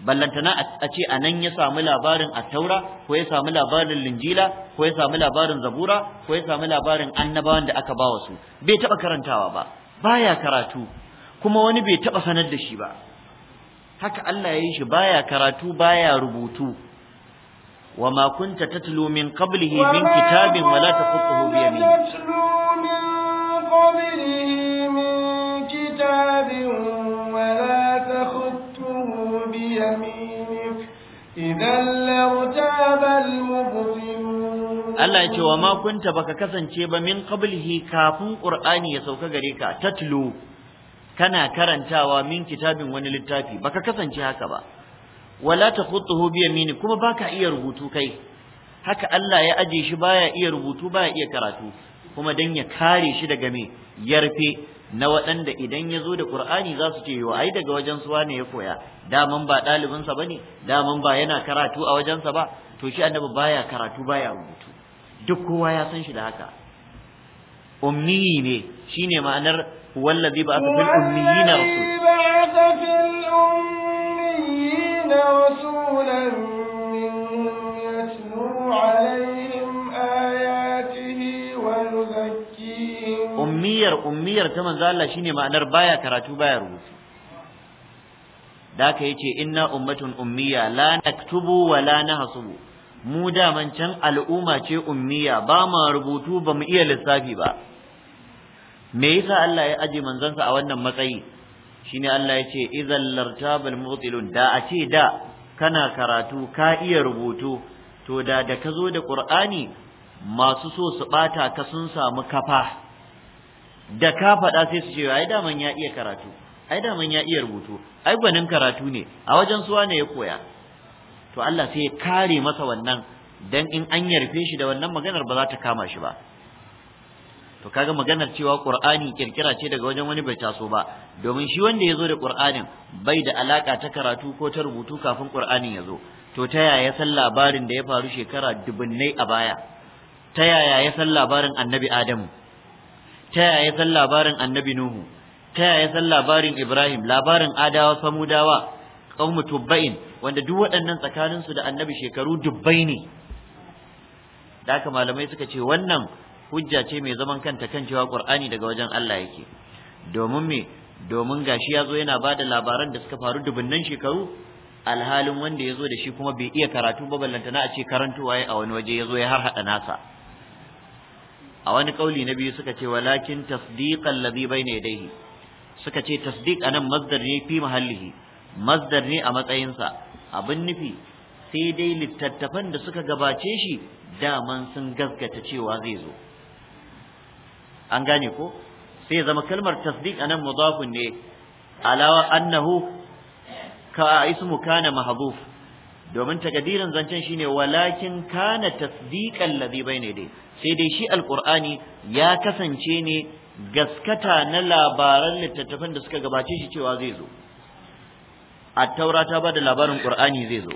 ballantana a ce anan ya samu labarin attaura ko ya samu labarin linjila ko ya samu labarin zabura ko ya samu labarin annabawan da aka ba su bai taɓa karantawa ba baya karatu kuma wani bai taɓa sanar da shi ba haka Allah ya yi shi baya karatu baya rubutu wa ma kunta tatlu min qablihi min kitabin wala wa la taqutuhu bi yaminik idan lartaba almubtilun Allah ya ce wa ma kunta baka kasance ba min qablihi kafin qur'ani ya sauka gare ka tatlu kana karantawa min kitabin wani littafi baka kasance haka ba wala takhutuhu bi yamini kuma baka iya rubutu kai haka Allah ya aje shi baya iya rubutu baya iya karatu kuma dan ya kare shi daga me yarfe na waɗanda idan ya zo da Qur'ani za su ce yo ai daga wajen su wane ya koya daman ba ɗalibinsa bane daman ba yana karatu a wajensa ba to shi annabi baya karatu baya rubutu duk kowa ya san shi da haka ummi ne shine ma'anar هو الذي بعث في الأميين رسولا بعث في الأميين رسولا منهم يتلو عليهم آياته ويزكيهم أمير أمير كما قال الله شيني معنى بايا كراتو بايا روسي ذاك يجي إنا أمة أمية لا نكتب ولا نهصب mu da man can al'umma ce ummiya ba ma rubutu ba mu iya lissafi ba me yasa Allah ya aje manzansa a wannan matsayi shine Allah ya ce idzal lartabal mutilun da a ce da kana karatu ka iya rubutu to da da ka zo da qur'ani masu so su bata ka sun samu kafa da ka faɗa sai su ce ai da man ya iya karatu ai da man ya iya rubutu ai gwanin karatu ne a wajen suwa ne ya koya to Allah sai ya kare masa wannan dan in an yarfe shi da wannan maganar ba za ta kama shi ba to kaga maganar cewa qur'ani kirkira ce daga wajen wani bai taso ba domin shi wanda ya zo da qur'anin bai da alaka ta karatu ko ta rubutu kafin qur'anin ya zo to ta yaya ya san labarin da ya faru shekara dubunnai a baya ta yaya ya san labarin annabi adamu ta yaya ya san labarin annabi nuhu ta yaya ya san labarin ibrahim labarin adawa samudawa qaumu tubba'in wanda duk waɗannan tsakaninsu da annabi shekaru dubbai ne da haka malamai suka ce wannan hujja ce mai zaman kanta kan cewa qur'ani daga wajen Allah yake domin me domin gashi yazo yana da labaran da suka faru dubunnan shekaru alhalin wanda ya zo da shi kuma bai iya karatu ba na a ce karantowa waye a wani waje yazo ya har hada nasa a wani kauli na biyu suka ce walakin tasdiqan ladhi bayna yadayhi suka ce tasdiq anan masdar ne fi mahallihi masdar ne a matsayin sa abin nufi sai dai littattafan da suka gabace shi daman sun gaskata cewa zai zo an gane ko sai zama kalmar tasdiq anan mudafun ne alawa annahu ka ismu kana mahdhuf domin takadirin zancen shine walakin kana tasdiqan ladhi bayna dai sai dai shi alqur'ani ya kasance ne gaskata na labaran littattafan da suka gabace shi cewa zai zo at taurata ba da labarin qur'ani zai zo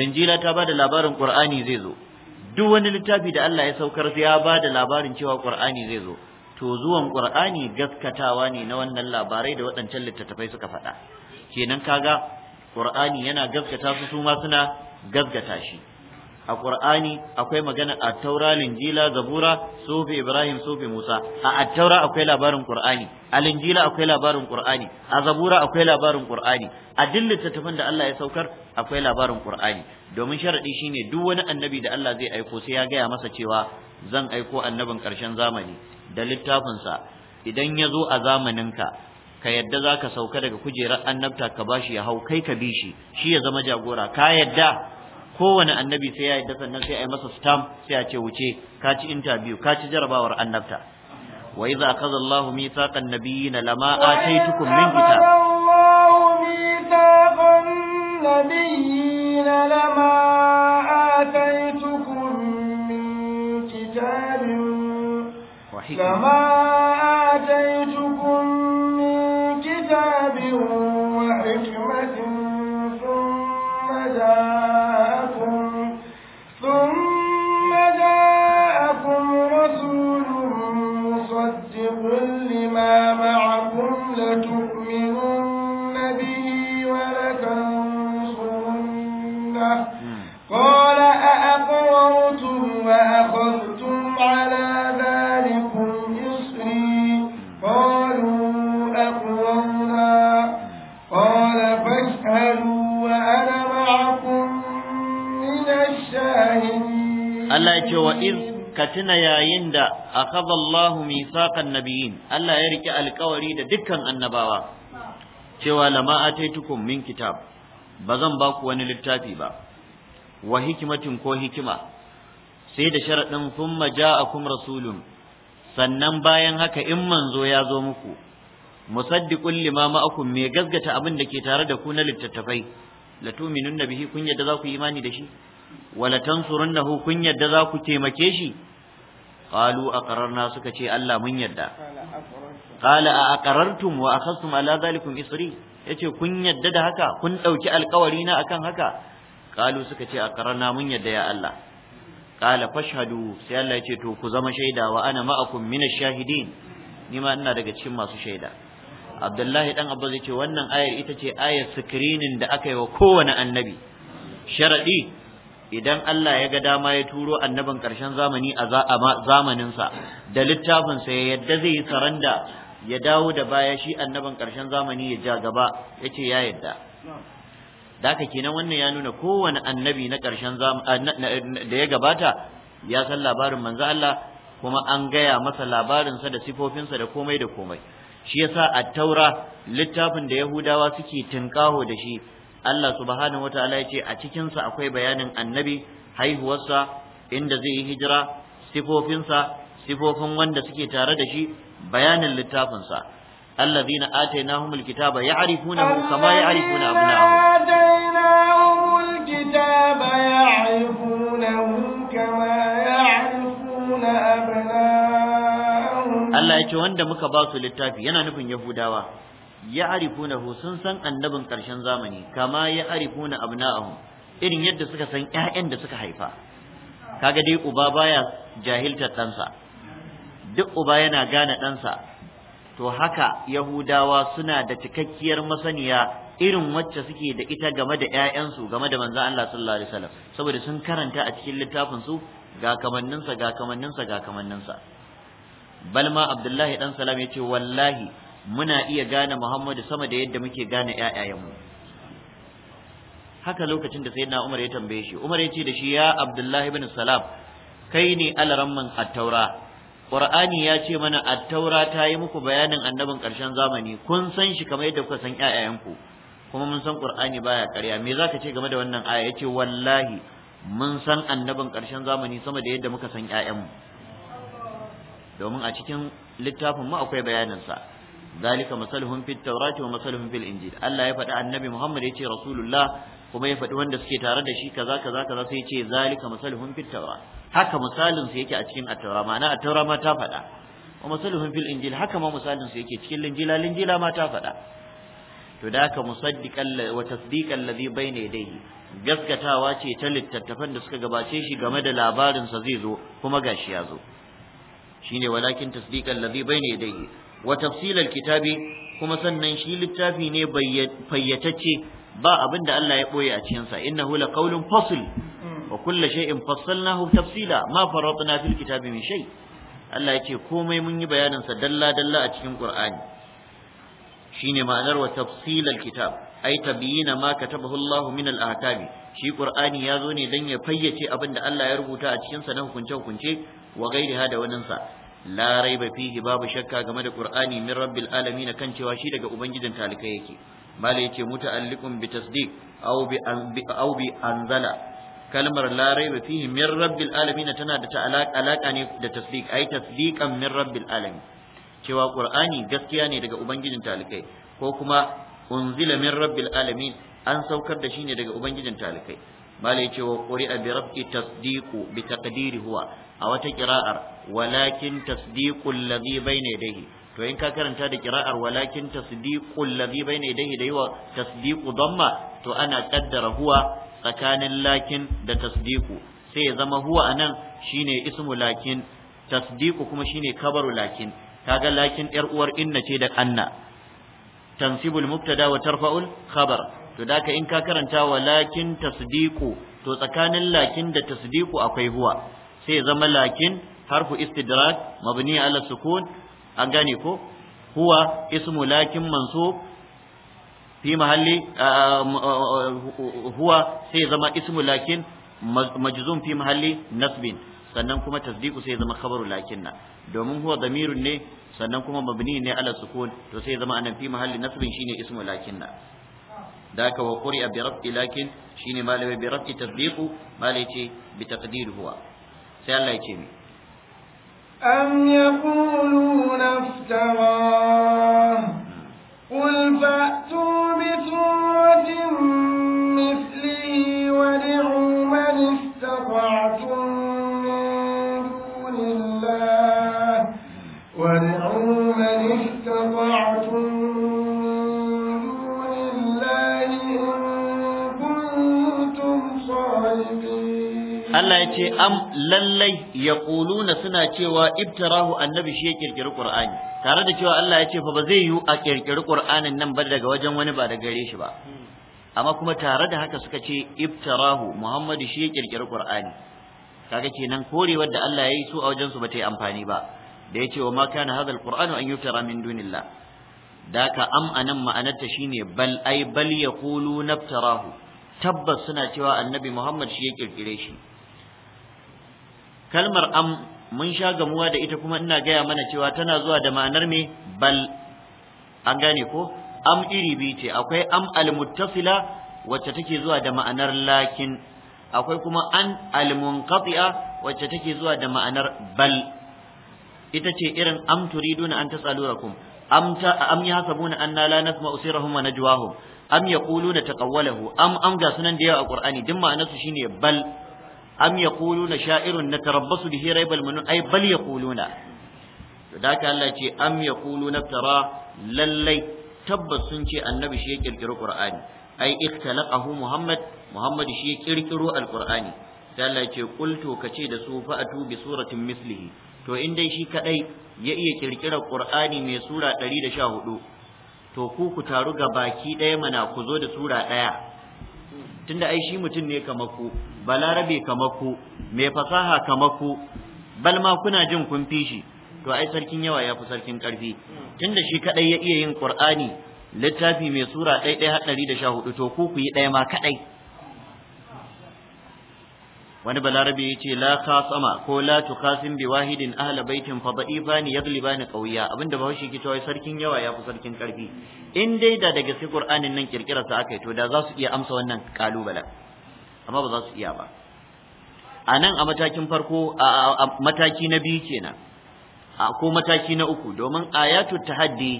linjila ta ba da labarin qur'ani zai zo duk wani littafi da Allah ya saukar sai ya da labarin cewa Qur'ani zai zo to zuwan Qur'ani gaskatawa ne na wannan labarai da waɗancan littattafai suka faɗa kenan kaga Qur'ani yana gaskata su su suna gaskata shi a qur'ani akwai magana a taura linjila zabura sufi ibrahim sufi musa a attaura akwai labarin qur'ani a linjila akwai labarin qur'ani a zabura akwai labarin qur'ani a Dillin littattafan da Allah ya saukar akwai labarin qur'ani domin sharadi shine duk wani annabi da Allah zai aiko sai ya gaya masa cewa zan aiko annabin karshen zamani da littafinsa idan ya zo a zamaninka ka yadda za ka sauka daga kujerar annabta ka bashi ya hau kai ka bi shi shi ya zama jagora ka yadda kowane annabi sai ya yadda sannan sai a masa stamp sai a ce wuce ka ci interview ka ci jarabawar annabta wa idza akhadha Allahu mithaqan nabiyina lama ataitukum min kitab النبيين لما آتيتكم min كتاب لما آتيتكم من كتاب Allah ya ce wa iz ka tuna yayin da akhadha Allah mithaqan nabiyyin Allah ya rike alkawari da dukkan annabawa cewa lama ataitukum min kitab ba zan ba ku wani littafi ba wa hikmatin ko hikima sai da sharadin thumma ja'akum rasulun sannan bayan haka in manzo ya zo muku musaddiqul lima ma'akum me gaskata abin da ke tare da ku na littattafai latuminun nabihi kun yadda za ku imani da shi wala tansurunnahu kun yadda za ku taimake shi qalu aqrarna suka ce Allah mun yadda qala a wa akhadtum ala zalikum isri yace kun yadda da haka kun dauki alkawari na akan haka qalu suka ce aqrarna mun yadda ya Allah qala fashhadu sai Allah yace to ku zama shaida wa ana ma'akum minash shahidin ni ma ina daga cikin masu shaida Abdullahi dan Abbas ce wannan ayar ita ce ayar sikirinin da aka yi wa kowane annabi sharadi idan Allah ya ga dama ya turo annabin ƙarshen zamani a zamaninsa da littafinsa ya yadda zai yi saranda ya dawo da baya shi annabin ƙarshen zamani ya ja gaba ya ce ya yadda da haka kenan wannan ya nuna kowane annabi na ƙarshen da ya gabata ya san labarin manzo Allah kuma an gaya masa labarinsa da sifofinsa da komai da komai shi yasa a taura littafin da yahudawa suke tinkaho da shi Allah subhanahu wataala ya ce a cikin sa akwai bayanin annabi haihuwarsa inda zai yi hijira sifofinsa sifofin wanda suke tare da shi bayanin littafinsa allazina atainahumul kitaba ya'rifunahu kama ya'rifuna abna'ahum kitaba ya'rifunahu kama ya'rifuna abna'ahum Allah ya ce wanda muka ba su littafi yana nufin Yahudawa ya'rifunahu sun san annabin karshen zamani kama ya'rifuna abna'ahum irin yadda suka san yayan da suka haifa kaga dai uba baya jahiltar ɗansa duk uba yana gane ɗansa to haka yahudawa suna da cikakkiyar masaniya irin wacce suke da ita game da 'ya'yansu game da manzon Allah sallallahu alaihi wasallam saboda sun karanta a cikin littafin ga kamanninsa ga kamanninsa ga kamanninsa Balma abdullahi dan salam yace wallahi muna iya gane Muhammadu sama da yadda muke gane ƴaƴayenmu haka lokacin da sayyidina Umar ya tambaye shi Umar ya ce da shi ya Abdullahi ibn Salam kai ne alramman at-taura Qur'ani ya ce mana at-taura ta yi muku bayanin annabin ƙarshen zamani kun san shi kamar yadda kuka san ƴaƴayenku kuma mun san Qur'ani baya ƙarya me zaka ce game da wannan aya yace wallahi mun san annabin ƙarshen zamani sama da yadda muka san ƴaƴanmu domin a cikin littafin mu akwai bayaninsa sa zalika masaluhum fit tawrati wa masaluhum fil injil Allah ya faɗi annabi Muhammad yace rasulullah kuma ya faɗi wanda suke tare da shi kaza kaza kaza sai yace zalika masaluhum fit tawrat haka misalin su yake a cikin at-taura ma'ana at-taura ma ta faɗa wa masaluhum fil injil haka ma misalin su yake cikin linjila linjila ma ta faɗa to da haka musaddiqan wa tasdiqan ladhi bayna yadayhi gaskatawa ce ta littattafan da suka gabace shi game da labarin sa zai zo kuma gashi ya zo shine walakin tasdiqan ladhi bayna yadayhi wa tafsilal kitabi kuma sannan shi littafi ne fayyatacce ba abinda Allah ya boye a cikin sa innahu laqawlun fasl wa kullu shay'in fassalnahu tafsila ma na fi kitabi min shay Allah ce komai mun yi bayanin sa dalla dalla a cikin Qur'ani shine ma'anar wa tafsilal kitab ay tabyina ma katabahu Allah min al ahkami shi Qur'ani ya zo ne dan ya fayyace abin da Allah ya rubuta a cikinsa na hukunce hukunce wa gairiha da waninsa la raiba fihi babu shakka game da qur'ani min rabbil alamin kan cewa shi daga ubangijin talikai yake malai yace muta'alliqun bi tasdiq aw bi aw bi anzala kalmar la raiba fihi min rabbil alamin tana da ta'alaka alaka ne da tasdiq ai tasdiqan min rabbil alamin cewa qur'ani gaskiya ne daga ubangijin talikai ko kuma unzila min rabbil alamin an saukar da shi ne daga ubangijin talikai malai yace wa qur'a bi rabbi tasdiqu bi taqdiri huwa a wata kira'ar walakin tasdiqul ladhi bayna yadayhi to in ka karanta da kira'ar walakin tasdiqul ladhi bayna yadayhi da yawa tasdiqu damma to ana kaddara huwa tsakanin lakin da tasdiqu sai ya zama huwa anan shine ismu lakin tasdiqu kuma shine kabaru lakin kaga lakin yar uwar inna ce da anna tansibul mubtada wa tarfa'ul khabar to da in ka karanta walakin tasdiqu to tsakanin lakin da tasdiqu akwai huwa sai zama lakin harfu istidrak mabni ala sukun an gane ko huwa ismu lakin mansub fi mahalli huwa sai zama ismu lakin majzum fi mahalli nasbin sannan kuma tasdiqu sai zama khabaru na domin huwa damirun ne sannan kuma mabni ne ala sukun to sai zama anan fi mahalli nasbin shine ismu lakinna ذاك وقرئ a لكن lakin shine لم برفع تصديق ما ليتي بتقدير هو sai Allah ya أم يقولون افتراه قل فأتوا بسورة مثله ودعوا من استطعتم Allah ya ce am lallai ya ƙuluna suna cewa ibtirahu annabi shi ya ƙirƙiri ƙur'ani tare da cewa Allah ya ce fa ba zai yiwu a ƙirƙiri ƙur'anin nan ba daga wajen wani ba da gare shi ba amma kuma tare da haka suka ce ibtirahu Muhammadu shi ya ƙirƙiri ƙur'ani kaga kenan korewar da Allah ya yi su a wajen su ba ta yi amfani ba da ya ce wa ma kana hadha alqur'anu an yuftara min dunillah ka am anan ma'anarta shine bal ai bal yaqulu naftarahu tabbas suna cewa annabi Muhammad shi ya kirkire shi kalmar am mun sha gamuwa da ita kuma ina gaya mana cewa tana zuwa da ma'anar me bal an gane ko am iri biyu ce akwai am almuttasila wacce take zuwa da ma'anar lakin akwai kuma an almunqati'a wacce take zuwa da ma'anar bal ita ce irin am turiduna an tasalu rakum am ta am yahsabuna anna la nasma usirahum wa najwahum am yaquluna taqawwalahu am am ga sunan da yawa a qur'ani duk ma'anar su shine bal am yaquluna sha'irun natarabbasu bihi raibal manun ay bal yaquluna to da ka Allah ce am yaquluna tara lallai tabbas sun ce annabi shi ya kirkiri qur'ani ai iktalaqahu muhammad muhammad shi ya kirkiro alqur'ani Da Allah ce qultu kace da su a bi suratin mislihi to in dai shi kadai ya iya kirkirar qur'ani mai sura 114 to ku ku taru ga baki daya mana ku zo da sura daya tunda ai shi mutum ne kamar ku balarabe kamar ku mai fasaha kamar ku bal ma kuna jin kun fi shi to ai sarkin yawa ya fi sarkin karfi tunda shi kadai ya iya yin qur'ani littafi mai sura ɗaya ɗaya har da sha hudu to ku ku yi ɗaya ma kadai wani balarabe ya ce la sama ko la tukasim bi wahidin ahla baitin fa da'ifani yaglibani qawiya abinda bahaushe ke cewa sarkin yawa ya fi sarkin karfi in dai da daga sai qur'anin nan kirkirar sa aka yi to da za su iya amsa wannan kalubalen amma ba za su iya ba a nan a matakin farko a mataki na biyu kenan a ko mataki na uku domin ayatu tahaddi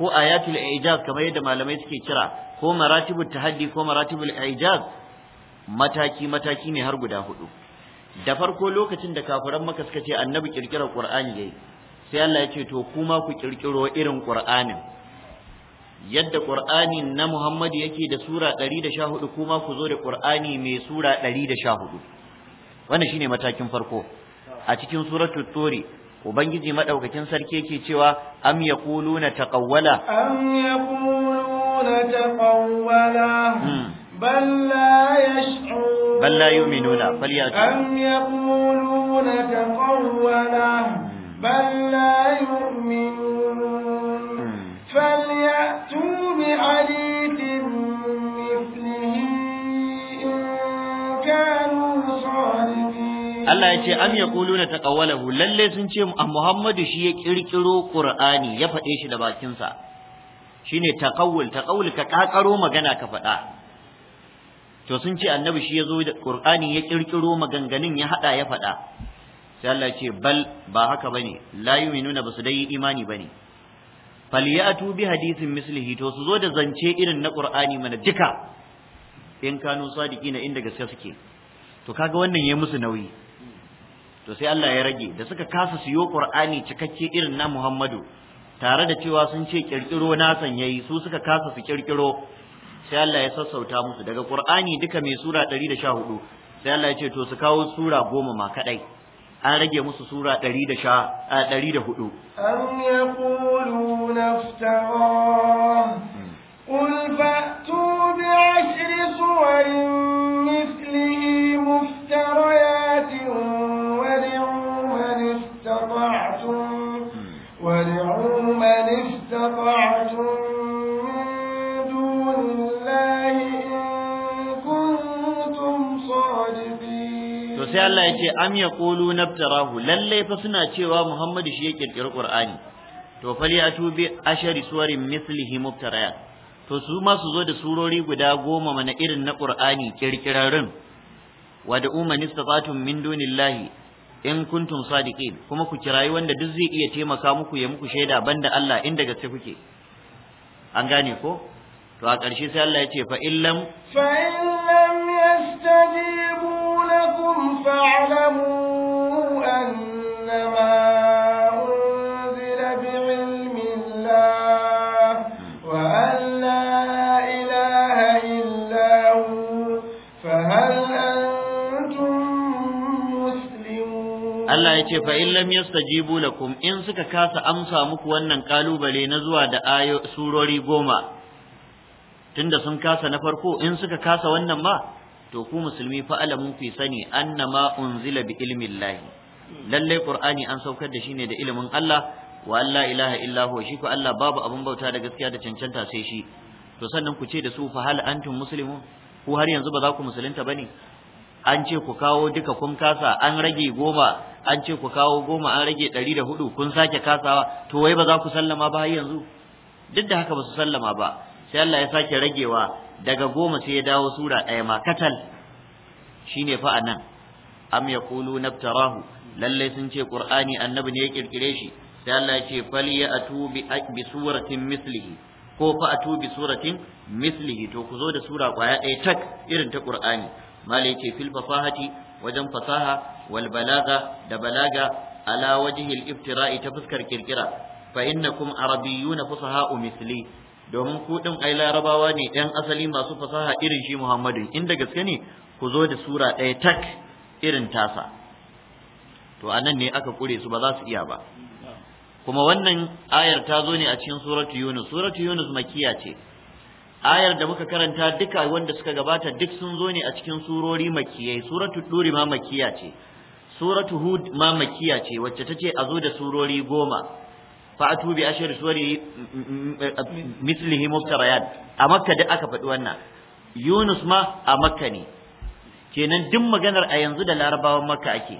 ko ayatul ijaz kamar yadda malamai suke kira ko maratibul tahaddi ko maratibul ijaz mataki mataki ne har guda hudu da farko lokacin da kafiran maka suka ce annabi kirkirar qur'ani yayi sai Allah ya ce to kuma ku kirkiro irin qur'anin yadda qur'ani na Muhammad yake da sura 114 kuma ku zo da qur'ani mai sura 114 wannan shine matakin farko a cikin suratul turi ubangiji madaukakin sarki yake cewa am yaquluna taqawwala am yaquluna taqawwala hmm. بل لا يشعرون بل لا يؤمنون فليأتوا أم يقولون تقوله بل لا يؤمنون فليأتوا بحديث مثله إن كانوا صادقين الله يجي أم يقولون تقوله للي سنشي محمد شيء يركرو قرآني يفعيش لباكينسا shine taqawul taqawul ka kakaro magana ka faɗa to sun ce annabi shi ya zo da qur'ani ya kirkiro maganganun ya haɗa ya faɗa sai Allah ce bal ba haka bane la yu'minuna basu dai imani bane falyatu bi hadithin mislihi to su zo da zance irin na qur'ani mana duka in kanu sadiqina inda gaskiya suke to kaga wannan yayi musu nauyi to sai Allah ya rage da suka kasa siyo qur'ani cikakke irin na Muhammadu tare da cewa sun ce kirkiro nasan yayi su suka kasa su kirkiro sai Allah ya sassauta musu daga Qur'ani duka mai sura 114 sai Allah ya ce to su kawo sura goma ma kadai an rage musu sura 114 am yaquluna iftara qul fa'tu bi ashri suwarin mithlihi muftariyatin wad'u man istata'tum wad'u man istata'tum sai Allah ya ce am yaqulu naftarahu lalle fa suna cewa Muhammadu shi ya kirkiri Qur'ani to falyatu bi ashari suwarin mislihi muftarayat to su ma su zo da surori guda goma mana irin na Qur'ani kirkirarin wa da umman istata'tum min dunillahi in kuntum sadiqin kuma ku kirayi wanda duk zai iya taimaka muku ya muku shaida banda Allah inda gaske kuke an gane ko to a ƙarshe sai Allah ya ce fa illam fa illam yastajibu أنذرناكم فاعلموا أنما أنزل بعلم الله وأن لا إله إلا هو فهل أنتم مسلمون الله يتي فإن لم يستجيبوا لكم إن سككاس أمسى مكوانا قالوا بلي نزوى دآيو سوروري قوما tunda sun kasa na farko in suka kasa wannan ma to ku musulmi fa alamun ku sani annama unzila bi ilmin Lallai lalle qur'ani an saukar da shi ne da ilimin Allah wa alla ilaha illa shi ko Allah babu abun bauta da gaskiya da cancanta sai shi to sannan ku ce da su fa hal antum muslimun ku har yanzu ba za ku musulunta bane an ce ku kawo duka kun kasa an rage goma an ce ku kawo goma an rage ɗari da hudu kun sake kasawa to wai ba za ku sallama ba har yanzu duk da haka ba su sallama ba sai Allah ya sake ragewa daga goma sai ya dawo sura ɗaya ma katal shine fa nan, am yaqulu naftarahu Lallai sun ce ƙur'ani annabi ne ya ƙirƙire shi sai Allah ya ce falyatu bi bi suratin mislihi ko fa atu bi suratin mislihi to ku zo da sura kwaya ɗaya tak irin ta ƙur'ani. mala ce fil fasahati wajen fasaha wal balaga da balaga ala wajhi iftira'i ta fuskar kirkira fa innakum arabiyyuna fusaha'u misli domin ku din ai larabawa ne ɗan asali masu fasaha irin shi Muhammadu inda gaske ne ku zo da sura ɗaya tak irin tasa to anan ne aka kure su ba za su iya ba kuma wannan ayar ta zo ne a cikin suratu Yunus suratu Yunus makiya ce ayar da muka karanta duka wanda suka gabata duk sun zo ne a cikin surori makiyai suratu Duri ma makiya ce suratu Hud ma makiya ce wacce tace a zo da surori goma fa'atu bi ashri suwari mislihi muftarayat a makka da aka faɗi wannan yunus ma a makka ne kenan duk maganar a yanzu da larabawan makka ake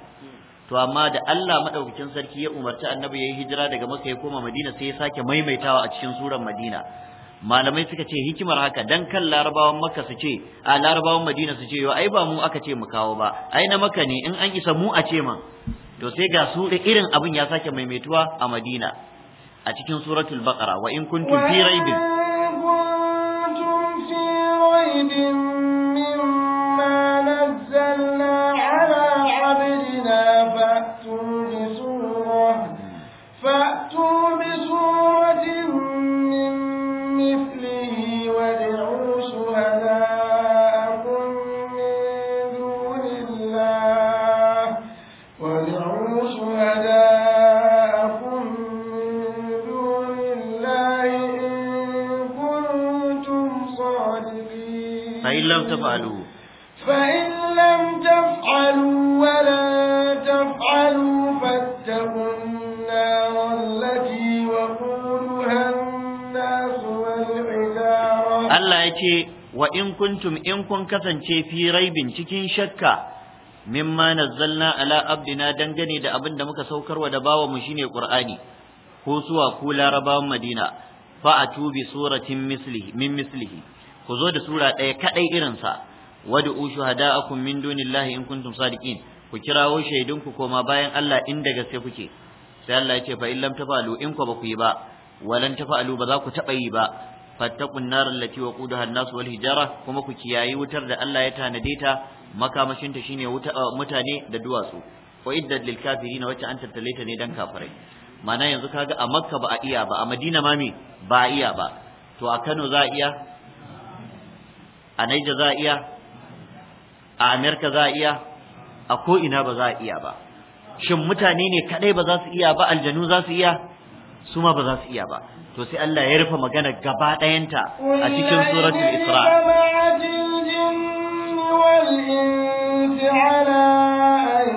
to amma da Allah madaukakin sarki ya umarci annabi yayi hijira daga makka ya koma madina sai ya sake maimaitawa a cikin suran madina malamai suka ce hikimar haka dan kan larabawan makka su ce a larabawan madina su ce yo ai ba mu aka ce mu kawo ba ai na makka ne in an isa mu a ce man to sai ga su irin abin ya sake maimaituwa a madina أتكن سورة البقرة وإن كنتم في ريب وإن كنتم في ريب مما نزلنا على عبدنا فأتوا بسورة فأتوا lam taf'alu فإن لم تفعلوا ولا تفعلوا فاتقوا النار التي وقودها الناس والحجارة الله يتي وإن كنتم إن كن كفن في ريب تكين شكا مما نزلنا على عبدنا دنجني دا أبن دمك سوكر ودباوة مشيني قرآني هو سوى كولا رباوة مدينة فأتوا بصورة من مثله ku zo da sura ɗaya kaɗai irinsa wad'u akun min dunillahi in kuntum sadiqin ku kirawo shaidunku koma bayan Allah in da gaske kuke sai Allah ya ce fa in lam tafalu in ku ba ku yi ba walan tafalu ba za ku taɓa yi ba fattakun nar allati waqudaha an-nas wal hijara kuma ku kiyayi wutar da Allah ya tanade ta makamashin ta shine uh, mutane da duwatsu Ko iddat lil kafirin wacce an tattale ta ne dan kafirai mana yanzu kaga a Makka ba a iya ba a Madina ma me ba a iya ba to a Kano za a iya a naija za a iya a amerika za a iya a ko'ina ba za a iya ba shin mutane ne kaɗai ba za su iya ba aljanu za su iya su ma ba za su iya ba to sai Allah ya rufe magana gaba ɗayanta a cikin suratul isra على أن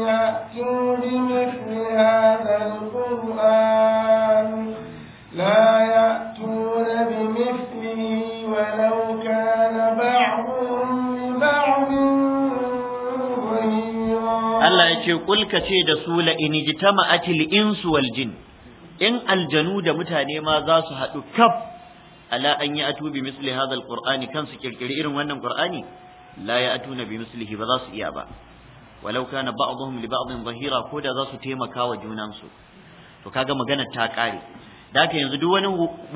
يأتوا بمثل هذا القرآن ta'ala ya ce kulka ce da su la in jitama'atil insu wal jin in aljanu da mutane ma za su haɗu kaf ala an yi atu bi misli hadha alqur'ani kan su kirkiri irin wannan qur'ani la ya atuna bi mislihi ba za su iya ba walau kana ba'dhum li ba'dhin zahira ko da za su taimaka wa junan su to kaga magana ta kare da ka yanzu duk wani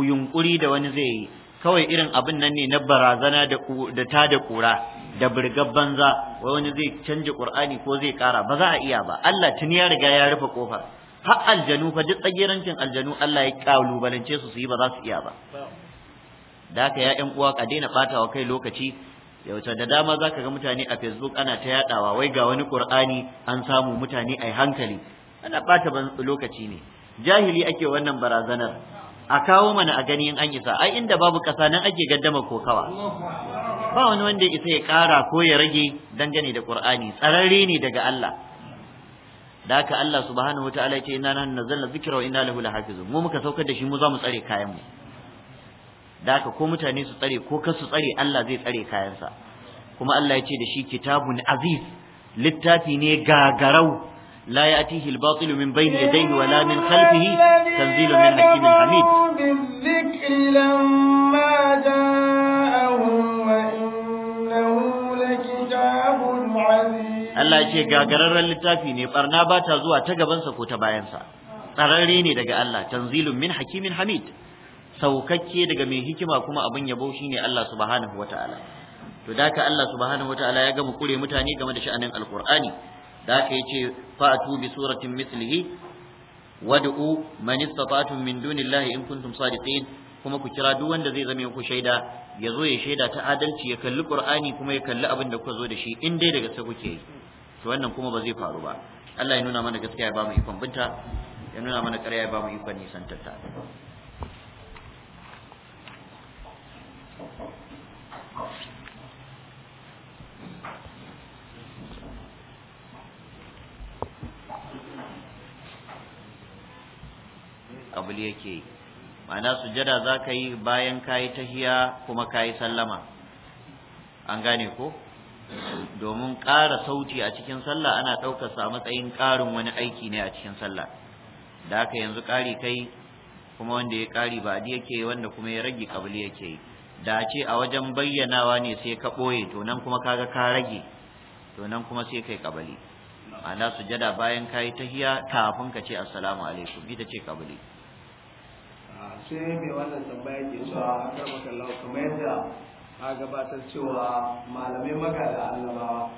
yunkuri da wani zai yi kawai irin abin nan ne na barazana da ta da kura da burgar banza wai wani zai canja qur'ani ko zai kara ba za a iya ba Allah tuni ya riga ya rufe kofar har aljanu fa duk tsagerancin aljanu Allah ya kalubalance su su yi ba za su iya ba da ka ya ƴan uwa ka daina bata wa kai lokaci yaushe da dama za ka ga mutane a facebook ana ta yadawa wai ga wani qur'ani an samu mutane ai hankali ana bata ban lokaci ne jahili ake wannan barazanar a kawo mana a gani in an isa ai inda babu kasa nan ake gaddama kokawa ba wani wanda isa ya ƙara ko ya rage dangane da Ƙur'ani, tsararre ne daga Allah da haka Allah subhanahu wataala ce inna nahnu nazzalna dhikra wa inna lahu lahafizun mu muka saukar da shi mu za mu tsare kayan mu da haka ko mutane su tsare ko kar su tsare Allah zai tsare kayansa kuma Allah ya ce da shi kitabun aziz littafi ne gagarau لا يأتيه الباطل من بين يديه ولا من خلفه min من حكيم حميد بالذكر لما Allah ce gagararren littafi ne barna ba ta zuwa ta gabansa ko ta bayansa. sa tsararre ne daga Allah tanzilun min hakimin hamid saukakke daga mai hikima kuma abin yabo shine Allah subhanahu wataala to daka Allah subhanahu wataala ya gama kure mutane game da sha'anin alqur'ani daka yace fa'atu bi suratin mislihi wad'u man istata'tum min dunillahi in kuntum sadiqin kuma ku kira duk wanda zai zame ku shaida ya zo ya shaida ta adalci ya kalli qur'ani kuma ya kalli abin da kuka zo da shi in dai daga sai kuke yi to wannan kuma ba zai faru ba Allah ya nuna mana gaskiya ya ba mu ikon binta ya nuna mana ƙarya ya ba mu ikon nisan tatta abul yake yi ma'ana sujada za ka yi bayan ka yi tahiya kuma ka yi sallama an gane ko domin ƙara sauti a cikin sallah ana ɗaukar sa matsayin ƙarin wani aiki ne a cikin sallah da haka yanzu ƙari kai kuma wanda ya ƙari ba adi yake wanda kuma ya rage kabili yake yi da ce a wajen bayyanawa ne sai ka ɓoye to nan kuma kaga ka rage to nan kuma sai kai kabili ma'ana sujada bayan ka yi tahiya kafin ka ce assalamu alaikum ita ce ƙabili. sai mai wannan tambaya ke cewa akar makallahu kuma yadda a gabatar cewa malamai maka magada annabawa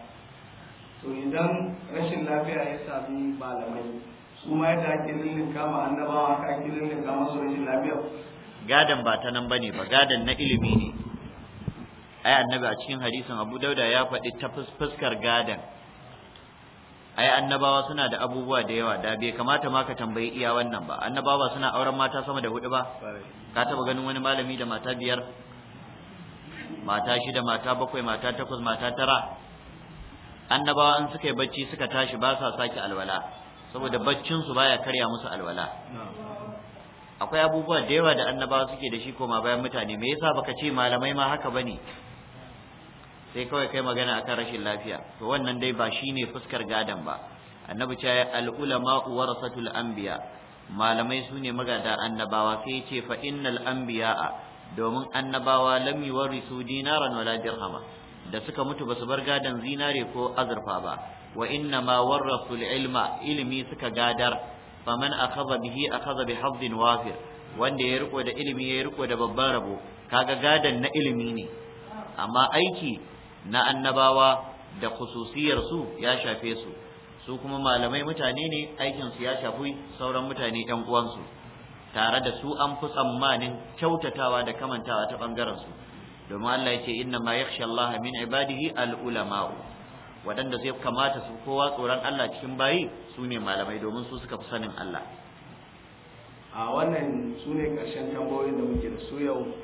to idan rashin lafiya ya sami malamai su ma yadda ake lullunka kama annabawa ka ake lullunka masu rashin lafiya gadan ba ta nan bane ba gadan na ilimi ne ai annabi a cikin hadisin Abu Dauda ya faɗi ta fuskar gadan ai annabawa suna da abubuwa da yawa da bai kamata ma ka tambayi iya wannan ba annabawa suna auren mata sama da hudu ba ka taba ganin wani malami da mata biyar mata shida mata bakwai mata takwas mata tara annabawa an suka yi bacci suka tashi ba sa sake alwala saboda baccin su baya karya musu alwala akwai abubuwa da yawa da annabawa suke da shi koma bayan mutane me yasa baka ce malamai ma haka bane sai kawai kai magana akan rashin lafiya to wannan dai ba shine fuskar gadon ba annabi ce al ulama warasatul anbiya malamai sune magada annabawa sai ce fa innal anbiya domin annabawa lam yuwarisu dinaran wala dirhama da suka mutu ba su bar gadon zinare ko azurfa ba wa inna ma warasul ilma ilmi suka gadar faman akhadha bihi akhadha bihaddin wafir wanda ya riko da ilimi ya riko da babban rabo kaga gadon na ilimi ne amma aiki na annabawa da khususiyar su ya shafe su su kuma malamai mutane ne aikin su ya shafi sauran mutane ɗan uwansu tare da su an fi tsammanin kyautatawa da kamantawa ta bangaren su domin Allah yake inna ma yakhsha Allah min ibadihi al ulama waɗanda zai kamata su kowa tsoron Allah cikin bayi su ne malamai domin su suka fi sanin Allah a wannan su ne tambayoyin da muke da su yau